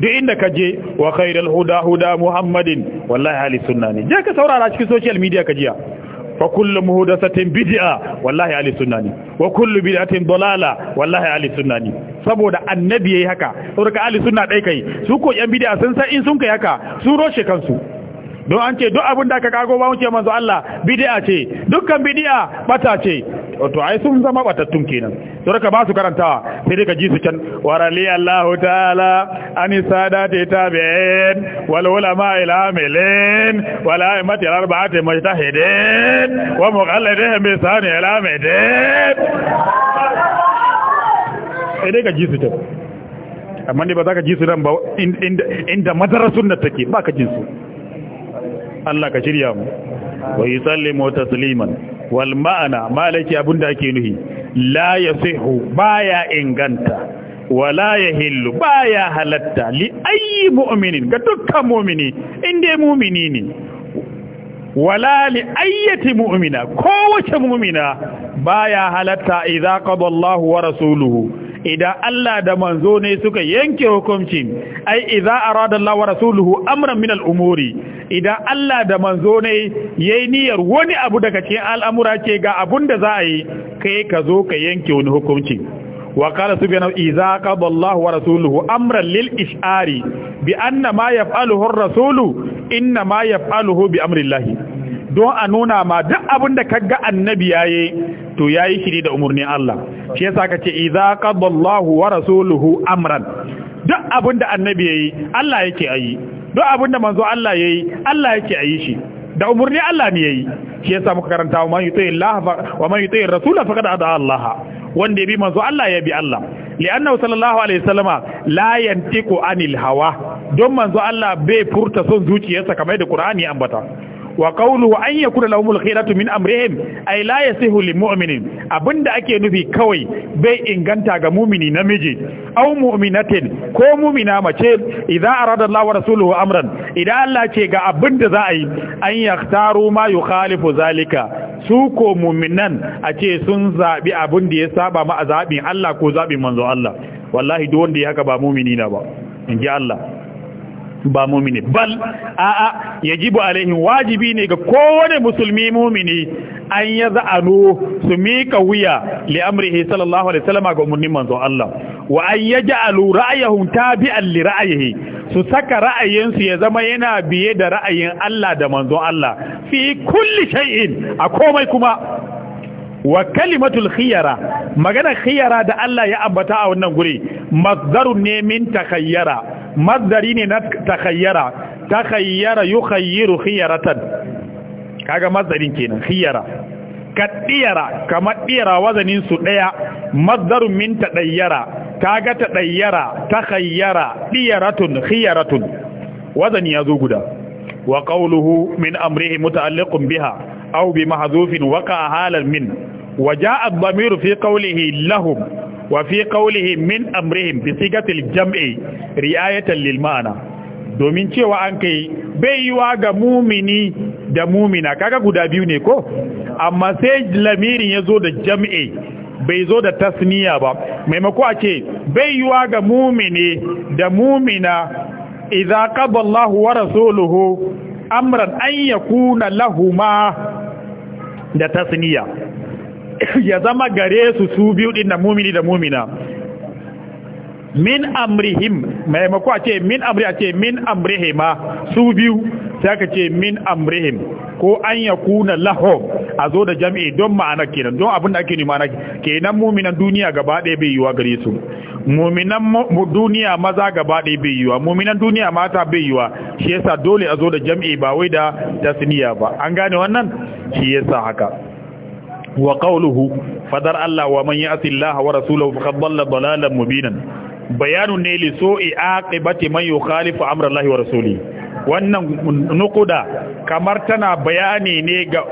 Speaker 2: duk inda ka je wa khairul huda huda muhammadin wallahi Ali sunna ne je ka saurara cikin social media ka jiya fa kullu muhdathatin bid'a wallahi ali ne wa kullu bid'atin dalala wallahi ali ne. saboda annabi yayi haka saboda ali sunna dai kai su ko yan bid'a sun san in sun kai haka su roshe kansu don an ce duk abin da aka kago ba wuce manzo Allah bid'a ce dukkan bid'a bata ce to ai sun zama batattun kenan to raka ba su karantawa sai dai ka ji su can warali Allahu ta'ala an sadati tabi'in wal ulama ila amilin wal aimati al arba'ati mujtahidin wa muqallidihim bi sani ila amidin sai dai ka ji su can amma ne ba za ka ji su nan ba inda madarasun da take ba ka ji su Allah ka shirya mu wa yusallimu tasliman wal ma'ana malaki abinda ake nuhi la yasihu baya inganta wala yahillu baya halatta li ayyi mu'minin ga dukkan mu'mini inda mu'mini ne wala li ayyati mu'mina kowace mu'mina baya halatta idza qada Allahu wa rasuluhu idan Allah da manzo ne suka yanke hukunci ai idza arada Allah wa rasuluhu amran min al-umuri idan Allah da manzo ne yayi niyyar wani abu daga cikin al'amura ce ga abun da za a yi kai ka zo ka yanke wani hukunci wa qala subhanahu idza qada Allah wa rasuluhu amran lil ish'ari bi anna ma yaf'aluhu ar-rasulu inna ma yaf'aluhu bi amri Allah don a nuna ma duk abinda da kaga annabi yayi to yayi shiri da umurnin Allah shi yasa kace idza qada Allahu wa rasuluhu amran duk abinda annabi yayi Allah yake ayi duk abinda manzo Allah yayi Allah yake ayi shi da umurni Allah ne yayi shi yasa muka karanta wa man yuti Allah wa man yuti rasul faqad ada Allah wanda ya bi manzo Allah ya bi Allah li'annahu sallallahu alaihi wasallama la yantiqu anil hawa don manzo Allah bai furta son zuciyarsa kamar da Qur'ani ambata wa qawluhu an yakuna lahumul khiyaratu min amrihim ay la yasihu lil mu'minin abinda ake nufi kawai bai inganta ga mu'mini namiji aw mu'minatin ko mu'mina mace idza arada Allah wa rasuluhu amran idan Allah ce ga abinda za a yi an yaktaru ma yukhalifu zalika su ko mu'minan a ce sun zabi abin da ya saba ma azabin Allah ko zabin manzo Allah wallahi duk wanda ya haka ba mu'mini na ba in ji Allah ba mumini bal a'a yajibu alaihim wajibi ne ga kowane musulmi mumini an ya za'anu su mika wuya li amrihi sallallahu alaihi wasallam ga umurnin manzon Allah wa an yaj'alu ra'yahum tabi'an li ra'yihi su saka ra'ayinsu ya zama yana biye da ra'ayin Allah da manzon Allah fi kulli shay'in a komai kuma wa kalimatul khiyara magana khiyara da Allah ya ambata a wannan guri mazdarun ne min takhayyara mazdari ne na takhayyara takhayyara yukhayyiru khiyaratan kaga mazdarin kenan khiyara kaddiyara kamar diyara wazanin su daya mazdarun min tadayyara kaga tadayyara takhayyara diyaratun khiyaratun wazani zo guda wa qawluhu min amrihi muta'alliqun biha aw bi mahdhufin waqa'a halan min وجاء الضمير في قوله lahum. wa fi qawlihi min amrihim bi sigatil jam'i ri'ayatan lil ma'ana domin cewa an kai bai ga mumini da mumina kaga guda biyu ne ko amma sai lamirin ya zo da jam'i bai zo da tasniya ba maimako a ce bai ga mumini da mumina idza kaballahu Allahu wa rasuluhu amran an yakuna lahuma da tasniya ya zama gare su su biyu din na mumini da mumina min amrihim maimako a ce min amri a ce min amrihima su biyu sai aka ce min amrihim ko an ya kuna lahom a zo da jami'i don ma'ana kenan don abin da ake ne ma'ana kenan muminan duniya gaba ɗaya bai yiwa gare su muminan duniya maza gaba ɗaya bai yiwa muminan duniya mata bai yiwa shi yasa dole a zo da jami'i ba wai da tasniya ba an gane wannan shi yasa haka wa qawluhu fadar Allah wa man ya'ti Allah wa rasulahu faqad dhalla dhalalan mubinan bayanu ne li su'i aqibati man yukhalifu amra Allah wa rasulihi wannan nukuda kamar tana bayani ne ga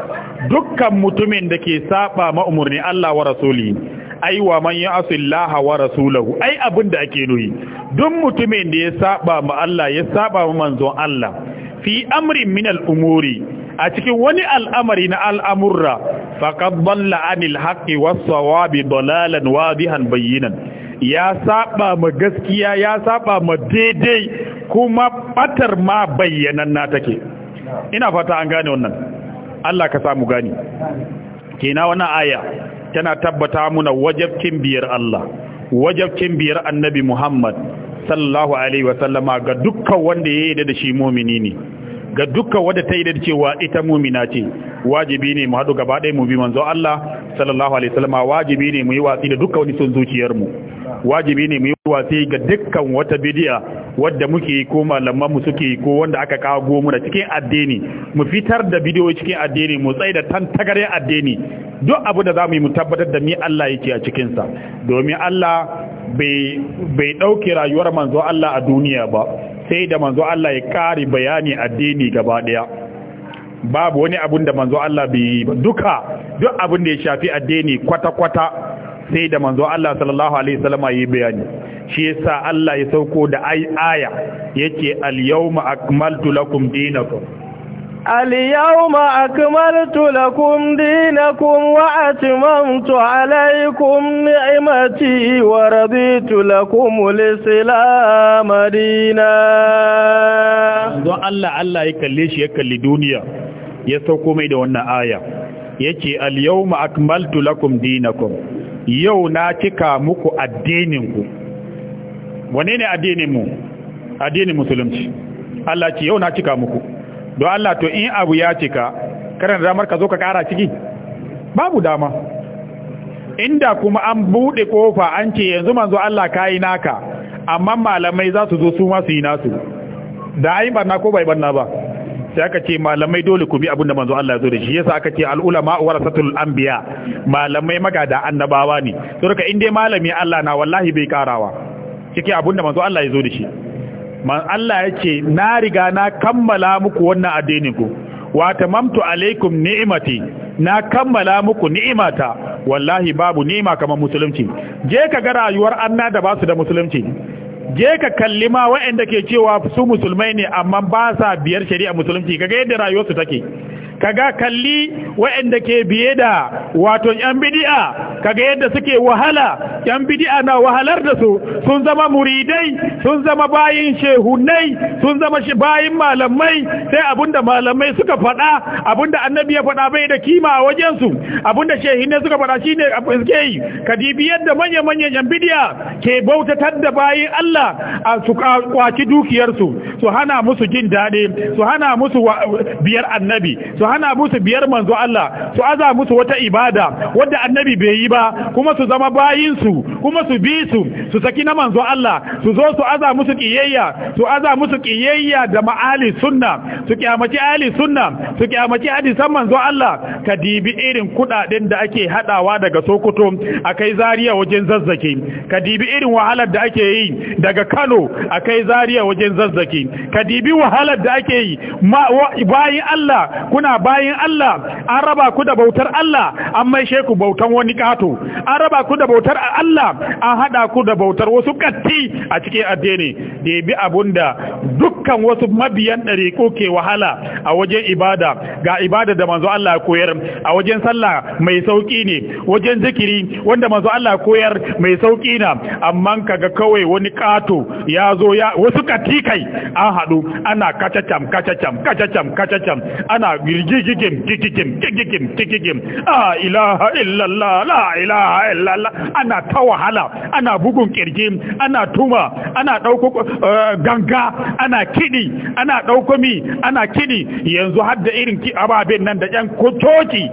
Speaker 2: dukkan mutumin da ke saba ma umurni Allah wa rasulihi ai wa man ya'si Allah wa rasulahu ai abinda ake nuhi duk mutumin da ya saba ma Allah ya saba ma manzon Allah fi amrin min al-umuri a cikin wani al'amari na al'amurra faqad dalla anil haqqi was sawabi dalalan wadihan bayyinan ya saba ma gaskiya ya saba ma daidai kuma batar ma bayyanan na take ina fata an gane wannan Allah ka samu gani kina wannan aya tana tabbata muna wajabcin biyar Allah wajabcin biyar annabi Muhammad sallallahu alaihi sallama, ga dukkan wanda ya yi da shi mumini ne ga duka wadda ta yi da cewa ita mumina ce wajibi ne mu haɗu gaba ɗaya mu bi manzo Allah sallallahu alaihi wasallam wajibi ne mu yi watsi da dukkan wani son zuciyar mu wajibi ne mu yi watsi ga dukkan wata bidiya wadda muke ko malaman mu suke ko wanda aka kawo mu da cikin addini mu fitar da bidiyo cikin addini mu tsai da tantagare addini duk abu da zamu yi mu tabbatar da mi Allah yake a cikin sa domin Allah bai bai dauke rayuwar manzo Allah a duniya ba sai da manzo Allah ya kare bayani addini gaba daya babu wani abun da manzo Allah bai ba duka duk abun da ya shafi addini kwata-kwata sai da manzo Allah sallallahu alaihi wasallam yi bayani shi yasa Allah ya sauko da aya yake al-yawma akmaltu lakum dinakum
Speaker 1: اليوم أكملت لكم دينكم وأتممت عليكم نعمتي ورضيت لكم الإسلام دينا don
Speaker 2: Allah Allah ya kalle shi ya kalli duniya ya sauko da wannan aya yace al-yawma akmaltu lakum dinakum yau na cika muku addinin wane ne addinin mu addinin musulunci Allah ce yau na cika muku don Allah to in abu ya cika karin damar ka zo ka kara ciki babu dama inda kuma an bude kofa an ce yanzu manzo Allah kayi naka amma malamai za su zo su ma su yi nasu da ayi barna ko bai barna ba sai aka ce malamai dole ku bi abin da manzo Allah ya zo da shi yasa aka ce al-ulama warasatul anbiya malamai magada annabawa ne to in dai malami Allah na wallahi bai karawa cikin abin da manzo Allah ya zo da shi Man Allah ya ce na riga na kammala muku wannan addinin ku wa tamamtu alaikum ni'imati na kammala muku ni'imata wallahi babu ni'ima kamar musulunci je ka ga rayuwar anna da basu da musulunci je ka kalli ma waɗanda ke cewa su musulmai ne amma ba sa biyar shari'a musulunci kaga yadda rayuwarsu take kaga kalli waɗanda ke biye da wato yan bidi'a kaga yadda suke wahala yan bidi'a na wahalar da su sun zama muridai sun zama bayin shehunai sun zama bayin malamai sai abunda malamai suka faɗa abunda annabi ya faɗa bai da kima a wajen su abinda shehinai suka faɗa shine suke yi kadibi yadda manya-manyan yan bidi'a ke bautatar da bayin Allah a su kwaci dukiyarsu su hana musu jin daɗi su hana musu biyar annabi su hana musu biyar manzo Allah su aza musu wata ibada wadda annabi bai yi ba kuma su zama bayinsu kuma su bi su su saki na manzo Allah su zo su aza musu kiyayya su aza musu kiyayya da ma'ali sunna su kiyamaci ali sunna su kiyamaci hadisan manzo Allah ka irin kudaden da ake hadawa daga Sokoto akai Zaria wajen zazzaki ka irin wahalar da ake yi daga Kano akai Zaria wajen zazzaki ka wahalar da ake yi bayin Allah kuna Bayan Allah an raba ku da bautar Allah an maishe ku bautan wani kato an raba ku da bautar Allah an hada ku da bautar wasu katti a cikin addini da bi abunda dukkan wasu mabiyan ko ke wahala a wajen ibada ga ibada da manzo Allah koyar a wajen sallah mai sauki ne wajen zikiri wanda manzo Allah koyar mai sauki na amma kaga kawai wani kato ya zo ya wasu kai an hadu ana kacacam kacacam kacacam kacacam ana gigigim gigigim gigigim gigigim a ilaha illallah la ilaha illallah ana ta wahala ana bugun kirji ana tuma ana dauko ganga ana kidi ana dauko mi ana kidi yanzu har da irin ababen nan da yan coci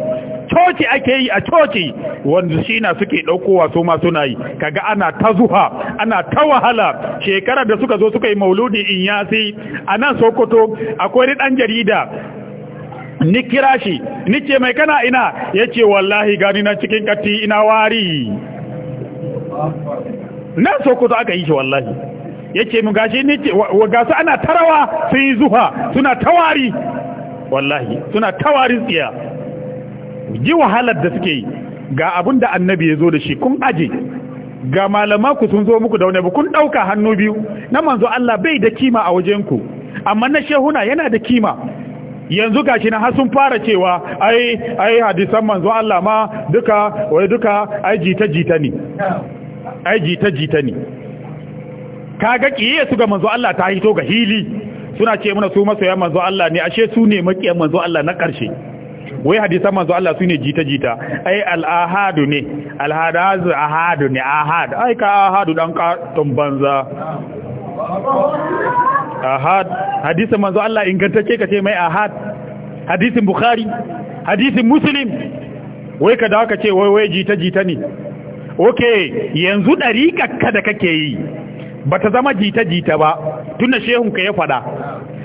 Speaker 2: coci ake yi a coci wanda shi na suke ɗaukowa su ma suna yi kaga ana ta zuha ana ta wahala shekarar da suka zo suka yi mauludi in yasi a nan sokoto akwai ɗan jarida ni kira shi ni ce mai kana ina ya ce wallahi gani na cikin kati ina wari na ku aka yi shi wallahi ya ce mu gashi ni ce wa gasu ana tarawa sun yi zuha suna tawari wallahi suna tawari tsiya ji wahalar da suke yi ga abin da annabi ya zo da shi kun aje ga malama ku sun zo muku da wani kun ɗauka hannu biyu na manzo Allah bai da kima a wajenku amma na shehuna yana da kima yanzu gashi na har sun fara cewa ai ai hadisan manzo Allah ma duka wai duka ai jita jita ne ai jita jita ne kaga kiyaye su ga manzo Allah ta hito ga hili suna ce mana su masoyan manzo Allah ne ashe su ne makiyan manzo Allah na karshe wai hadisan manzo Allah su ne jita jita ai al-ahadu ne al-hadazu ahadu ne ahad ai ka ahadu dan ka tumbanza ahad hadisin manzo Allah ingantacce ka ce mai ahad hadisin bukhari hadisin muslim wai ka dawo ka ce wai wai jita jita ne okay yanzu ka da kake yi bata zama jita jita ba tunda shehun ka ya fada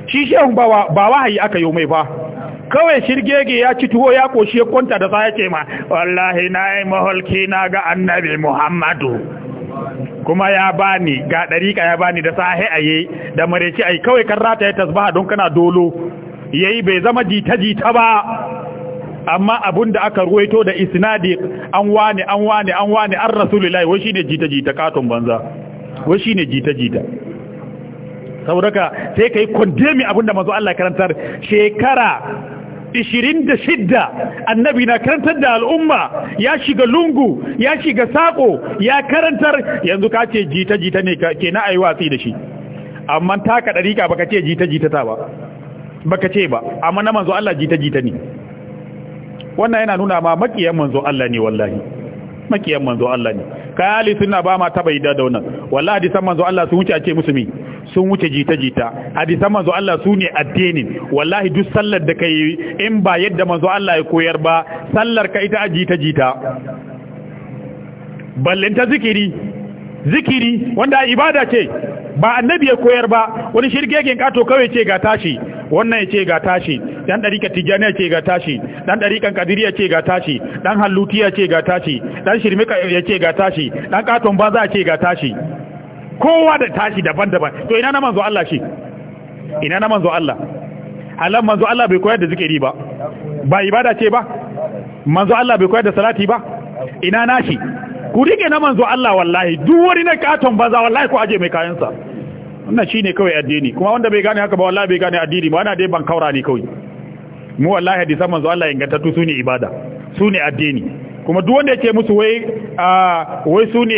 Speaker 2: shi shehun ba ba wahayi aka yi mai fa kawai shirgege ya ci tuwo ya koshi ya kwanta da sa ya ce ma wallahi na yi maholki na ga annabi muhammadu kuma ya bani ga dariƙa ya bani da sahi a yi da mareci yi kawai kan rata ya tasbaha don kana dolo ya yi bai zama jita jita ba amma abun da aka ruwaito da isnadi an wani an wani an wane an rasulullahi wai shine jita jita katon banza wai shine jita jita saboda sai kai abin da mazu Allah karantar shekara shidda annabi na karantar da al'umma ya shiga lungu ya shiga sako ya karantar yanzu ka ce jita jita ne ke na ayi watsi da shi amma ta ka dariƙa baka ce jita jita ta ba baka ce ba amma na manzo Allah jita jita ne wannan yana nuna ma makiyan manzo Allah ne wallahi makiyan manzo Allah ne Kayali suna sunna ba ma taba yadda da wannan wallahi hadisan manzo Allah sun wuce a ce musulmi sun wuce jita jita hadisan manzo Allah su ne addinin wallahi duk sallar da kai in ba yadda manzo Allah ya koyar ba sallar ka ita a jita jita ta zikiri zikiri wanda ibada ce ba annabi ya koyar ba wani shirke yake kato kawai ce ga tashi wannan ya ce ga tashi dan dariƙa tijjani ya ce ga tashi dan dariƙan kadiri ya ce ga tashi dan halluti ya ce ga tashi dan shirmika ya ce ga tashi dan katon banza ya ce ga tashi kowa da tashi daban-daban to ina na manzo Allah shi ina na manzo Allah halan manzo Allah bai koyar da zikiri ba ba ibada ce ba manzo Allah bai koyar da salati ba ina nashi ku rike na manzo Allah wallahi duk wani na katon baza wallahi ku aje mai kayan sa wannan shine kawai addini kuma wanda bai gane haka ba wallahi bai gane addini ba ana dai ban kaura ne kawai mu wallahi hadisan manzo Allah ingantattu sune ibada sune addini kuma duk wanda yake musu wai wai sune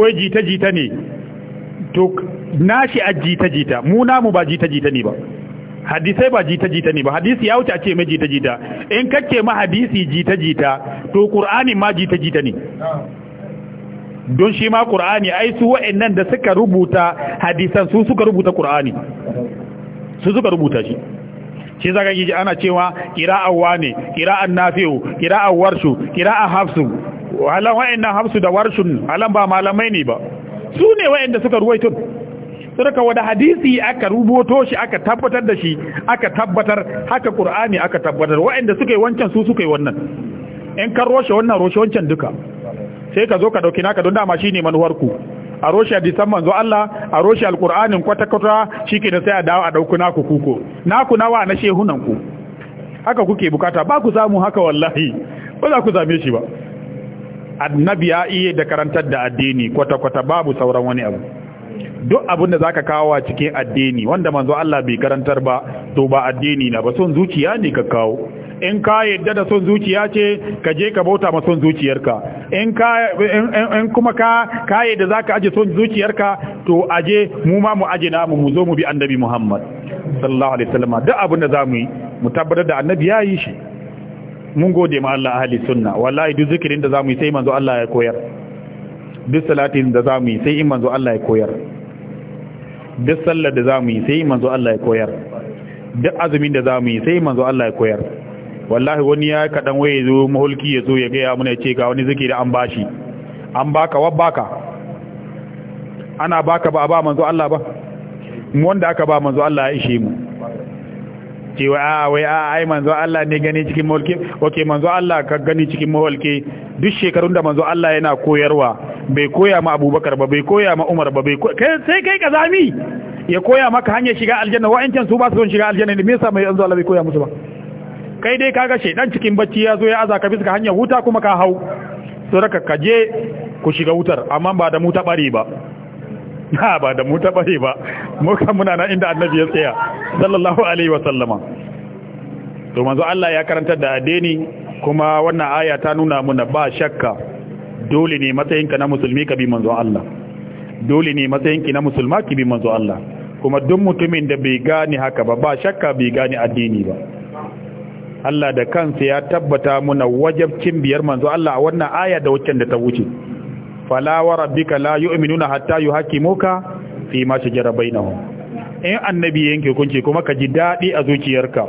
Speaker 2: wai jita jita ne to nashi ajita jita mu namu ba jita jita ne ba hadisai ba jita-jita ne ba hadisi ya wuce a ce mai jita-jita in kake ma hadisi jita-jita to qur'ani ma jita-jita ne don shi ma qur'ani ai su wa'annan da suka rubuta hadisan su suka rubuta qur'ani su suka rubuta shi shi zaka ji ana cewa qira'a wane qira'an nafi'u qira'a warshu an hafsu halan wa'annan hafsu da warshun halan ba malamai ne ba su ne wa'anda suka ruwaito sarka wada hadisi aka rubuto shi aka tabbatar da shi aka tabbatar haka qur'ani aka tabbatar waɗanda suka yi wancan su suka yi wannan in ka roshe wannan roshe wancan duka sai ka zo ka dauki naka don dama shine manuwar ku a roshe hadisan manzo Allah a roshe alqur'anin kwata kwata shike da sai a dawo a dauki naku kuko naku nawa na shehunan ku haka kuke bukata ba ku samu haka wallahi ba za ku zame shi ba annabi ya iya da karantar da addini kwata kwata babu sauran wani abu duk abin da zaka kawo a cikin addini wanda manzo Allah bai karantar ba to ba addini na ba son zuciya ne ka kawo in ka yadda da son zuciya ce ka je ka bauta ma son zuciyarka in ka in kuma ka ka yadda zaka aje son zuciyarka to aje mu ma mu aje na mu zo mu bi annabi Muhammad sallallahu alaihi wasallam duk abin da zamu yi mu tabbatar da annabi ya yi shi mun gode ma Allah ahli sunna wallahi duk zikirin da zamu yi sai manzo Allah ya koyar duk salatin da za mu yi sai in manzo Allah ya koyar duk sallar da za mu yi sai in manzo Allah ya koyar duk azumin da za mu yi sai in manzo Allah ya koyar wallahi wani ya kaɗan waye zo mahulki ya zo ya gaya mana ya ce ga wani da an bashi an baka wa baka ana baka ba a ba manzo Allah ba wanda aka ba manzo Allah ya ishe mu cewa a wai a ai manzo Allah ne gani cikin mulki okay manzo Allah ka gani cikin mulki duk shekarun da manzo Allah yana koyarwa bai koya ma Abubakar ba bai koya ma Umar ba bai sai kai kazami ya koya maka hanyar shiga aljanna wa'ancan su ba su son shiga aljanna ne me yasa mai yanzu Allah bai koya musu ba kai dai kaga shedan cikin bacci ya zo ya aza ka bisa hanyar huta kuma ka hau to raka kaje ku shiga wutar amma ba da mu ta bare ba ha ba da mu taɓa bare ba mu kan muna nan inda annabi ya tsaya sallallahu alaihi wa sallama to manzo Allah ya karantar da adeni kuma wannan aya ta nuna muna ba shakka dole ne matsayinka na musulmi ka bi manzo Allah dole ne matsayinki na musulma ki bi manzo Allah kuma duk mutumin da bai gane haka ba ba shakka bai gane addini ba Allah da kansa ya tabbata muna wajabcin biyar manzo Allah a wannan aya da waccan da ta wuce fala wa rabbika la yu'minuna hatta yuhaqqimuka fi ma shajara bainahum in annabi yanke hukunci kuma ka ji dadi a zuciyarka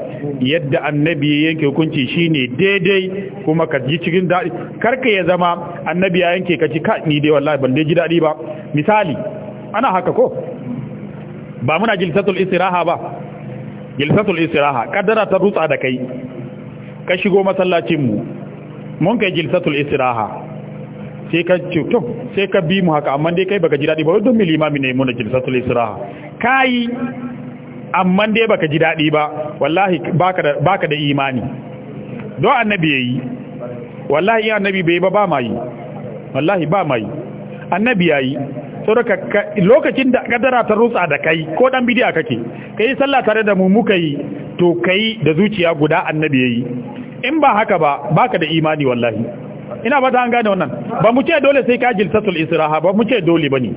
Speaker 2: yadda annabi yanke hukunci shine daidai kuma ka ji cikin dadi karka ya zama annabi ya yanke ka ci ka ni dai wallahi ban dai ji dadi ba misali ana haka ko ba muna jilsatul istiraha ba jilsatul istiraha kaddara ta rutsa da kai ka shigo masallacin mu mun kai jilsatul istiraha sai ka ce to sai ka bi mu haka amma dai kai baka ji dadi ba don mili imami ne mun jilsatul israha kai amma dai baka ji dadi ba wallahi baka da baka da imani don annabi yayi wallahi annabi bai ba ba mai wallahi ba mai annabi yayi saboda lokacin da kadara ta rutsa da kai ko dan bidiya kake kai sallah tare da mu muka yi to kai da zuciya guda annabi yayi in ba haka ba baka da imani wallahi ina ba ta an gane wannan ba mu ce dole sai ka jilsatul israha ba mu ce dole bane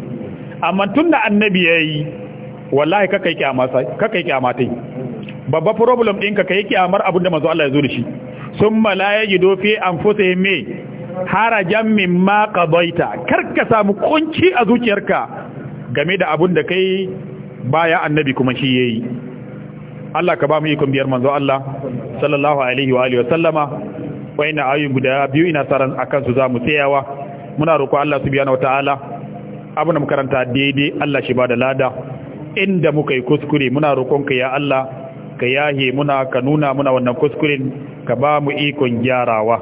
Speaker 2: amma da annabi yayi wallahi ka kai kiyama sai ka kai kiyama tai babba problem din ka kai kiyamar abin da manzo Allah ya zo da shi summa la yajidu fi anfusihim me harajan mimma qadaita karka samu kunci a zuciyarka game da abin da kai baya annabi kuma shi yayi Allah ka ba mu ikon biyar manzo Allah sallallahu alaihi wa alihi wa sallama wayannan ayu guda biyu ina tsaron akan su zamu tsayawa muna roƙo Allah subhanahu wataala abin da makaranta daidai Allah shi bada lada inda muka yi kuskure muna ka ya Allah ka yahe muna ka nuna muna wannan kuskuren ka ba mu ikon gyarawa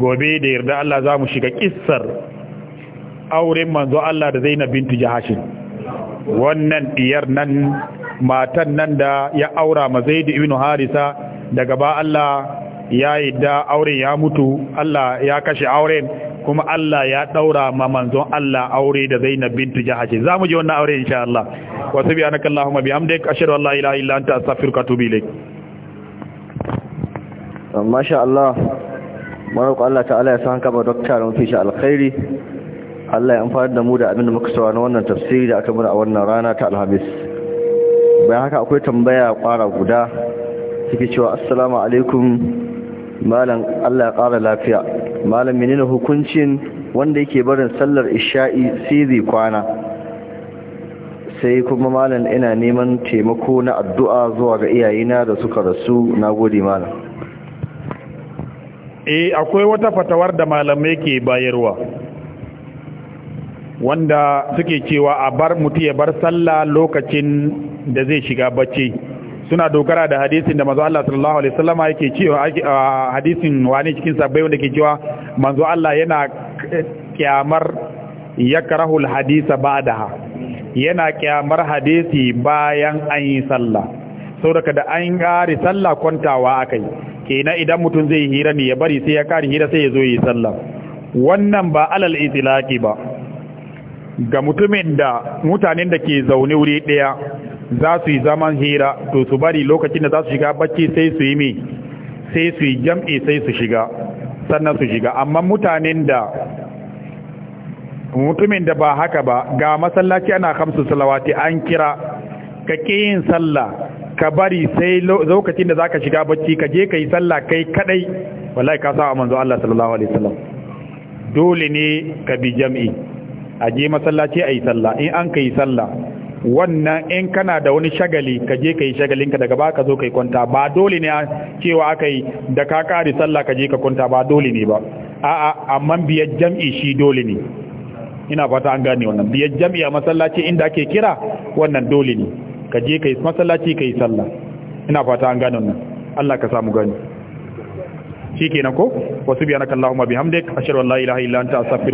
Speaker 2: gobe da yarda Allah za mu shiga kissar auren manzo Allah da Zainab bintu Jahashin wannan diyar nan matan nan da ya aura ma Zaid ibn Harisa daga ba Allah ya yi da auren ya mutu Allah ya kashe auren kuma Allah ya daura ma manzon Allah aure da Zainab bintu za mu ji wannan aure insha Allah wa subhanaka allahumma bihamdika ashhadu an la ilaha illa anta astaghfiruka wa atubu ilaik
Speaker 1: masha Allah maroko Allah ta'ala ya san ka ba doctor mun fi shi alkhairi Allah ya amfana da mu da abin da muka na wannan tafsiri da aka mura a wannan rana ta Alhamis bayan haka akwai tambaya kwara guda suke cewa assalamu alaikum malam Allah ya ƙara lafiya malam menene hukuncin wanda yake barin sallar isha'i sai kwana sai kuma malam ina neman taimako na addu'a zuwa ga iyayena da suka rasu na gode malam
Speaker 2: eh akwai wata fatawar da malamai ke bayarwa wanda suke cewa a bar mutu ya bar sallah lokacin da zai shiga bacci suna dogara da hadisin da manzo Allah sallallahu alaihi wasallama yake cewa hadisin wani cikin sabbai wanda ke cewa manzo Allah yana kyamar yakrahul hadisa ba'daha yana kyamar hadisi bayan an yi sallah saboda da an gari sallah kwantawa akai kenan idan mutum zai hira ne ya bari sai ya kare hira sai ya zo yi sallah wannan ba alal itilaki ba ga mutumin da mutanen da ke zaune wuri daya za su yi zaman hira to su bari lokacin da za su shiga bacci sai su yi mi sai su yi jam'i sai su shiga sannan su shiga amma mutanen da mutumin da ba haka ba ga masallaci ana kamsu salawati an kira ka yin sallah ka bari sai lokacin da za ka shiga bacci ka je ka yi sallah kai kadai wallahi ka sa manzo Allah sallallahu alaihi wasallam dole ne ka bi jam'i a je masallaci ayi sallah in an kai sallah wannan in kana da wani shagali ka je ka yi shagalinka daga ba ka zo ka yi kwanta ba dole ne cewa aka yi da ka kari sallah ka je ka kwanta ba dole ne ba a'a amma biyar jam'i shi dole ne ina fata an gane wannan biyar jam'i a masallaci inda ake kira wannan dole ne ka je ka yi masallaci ka yi sallah ina fata an gane wannan Allah ka samu gani shikenan ko wasu biyanaka Allahumma bihamdik ashhadu an la ilaha illa anta astaghfiruka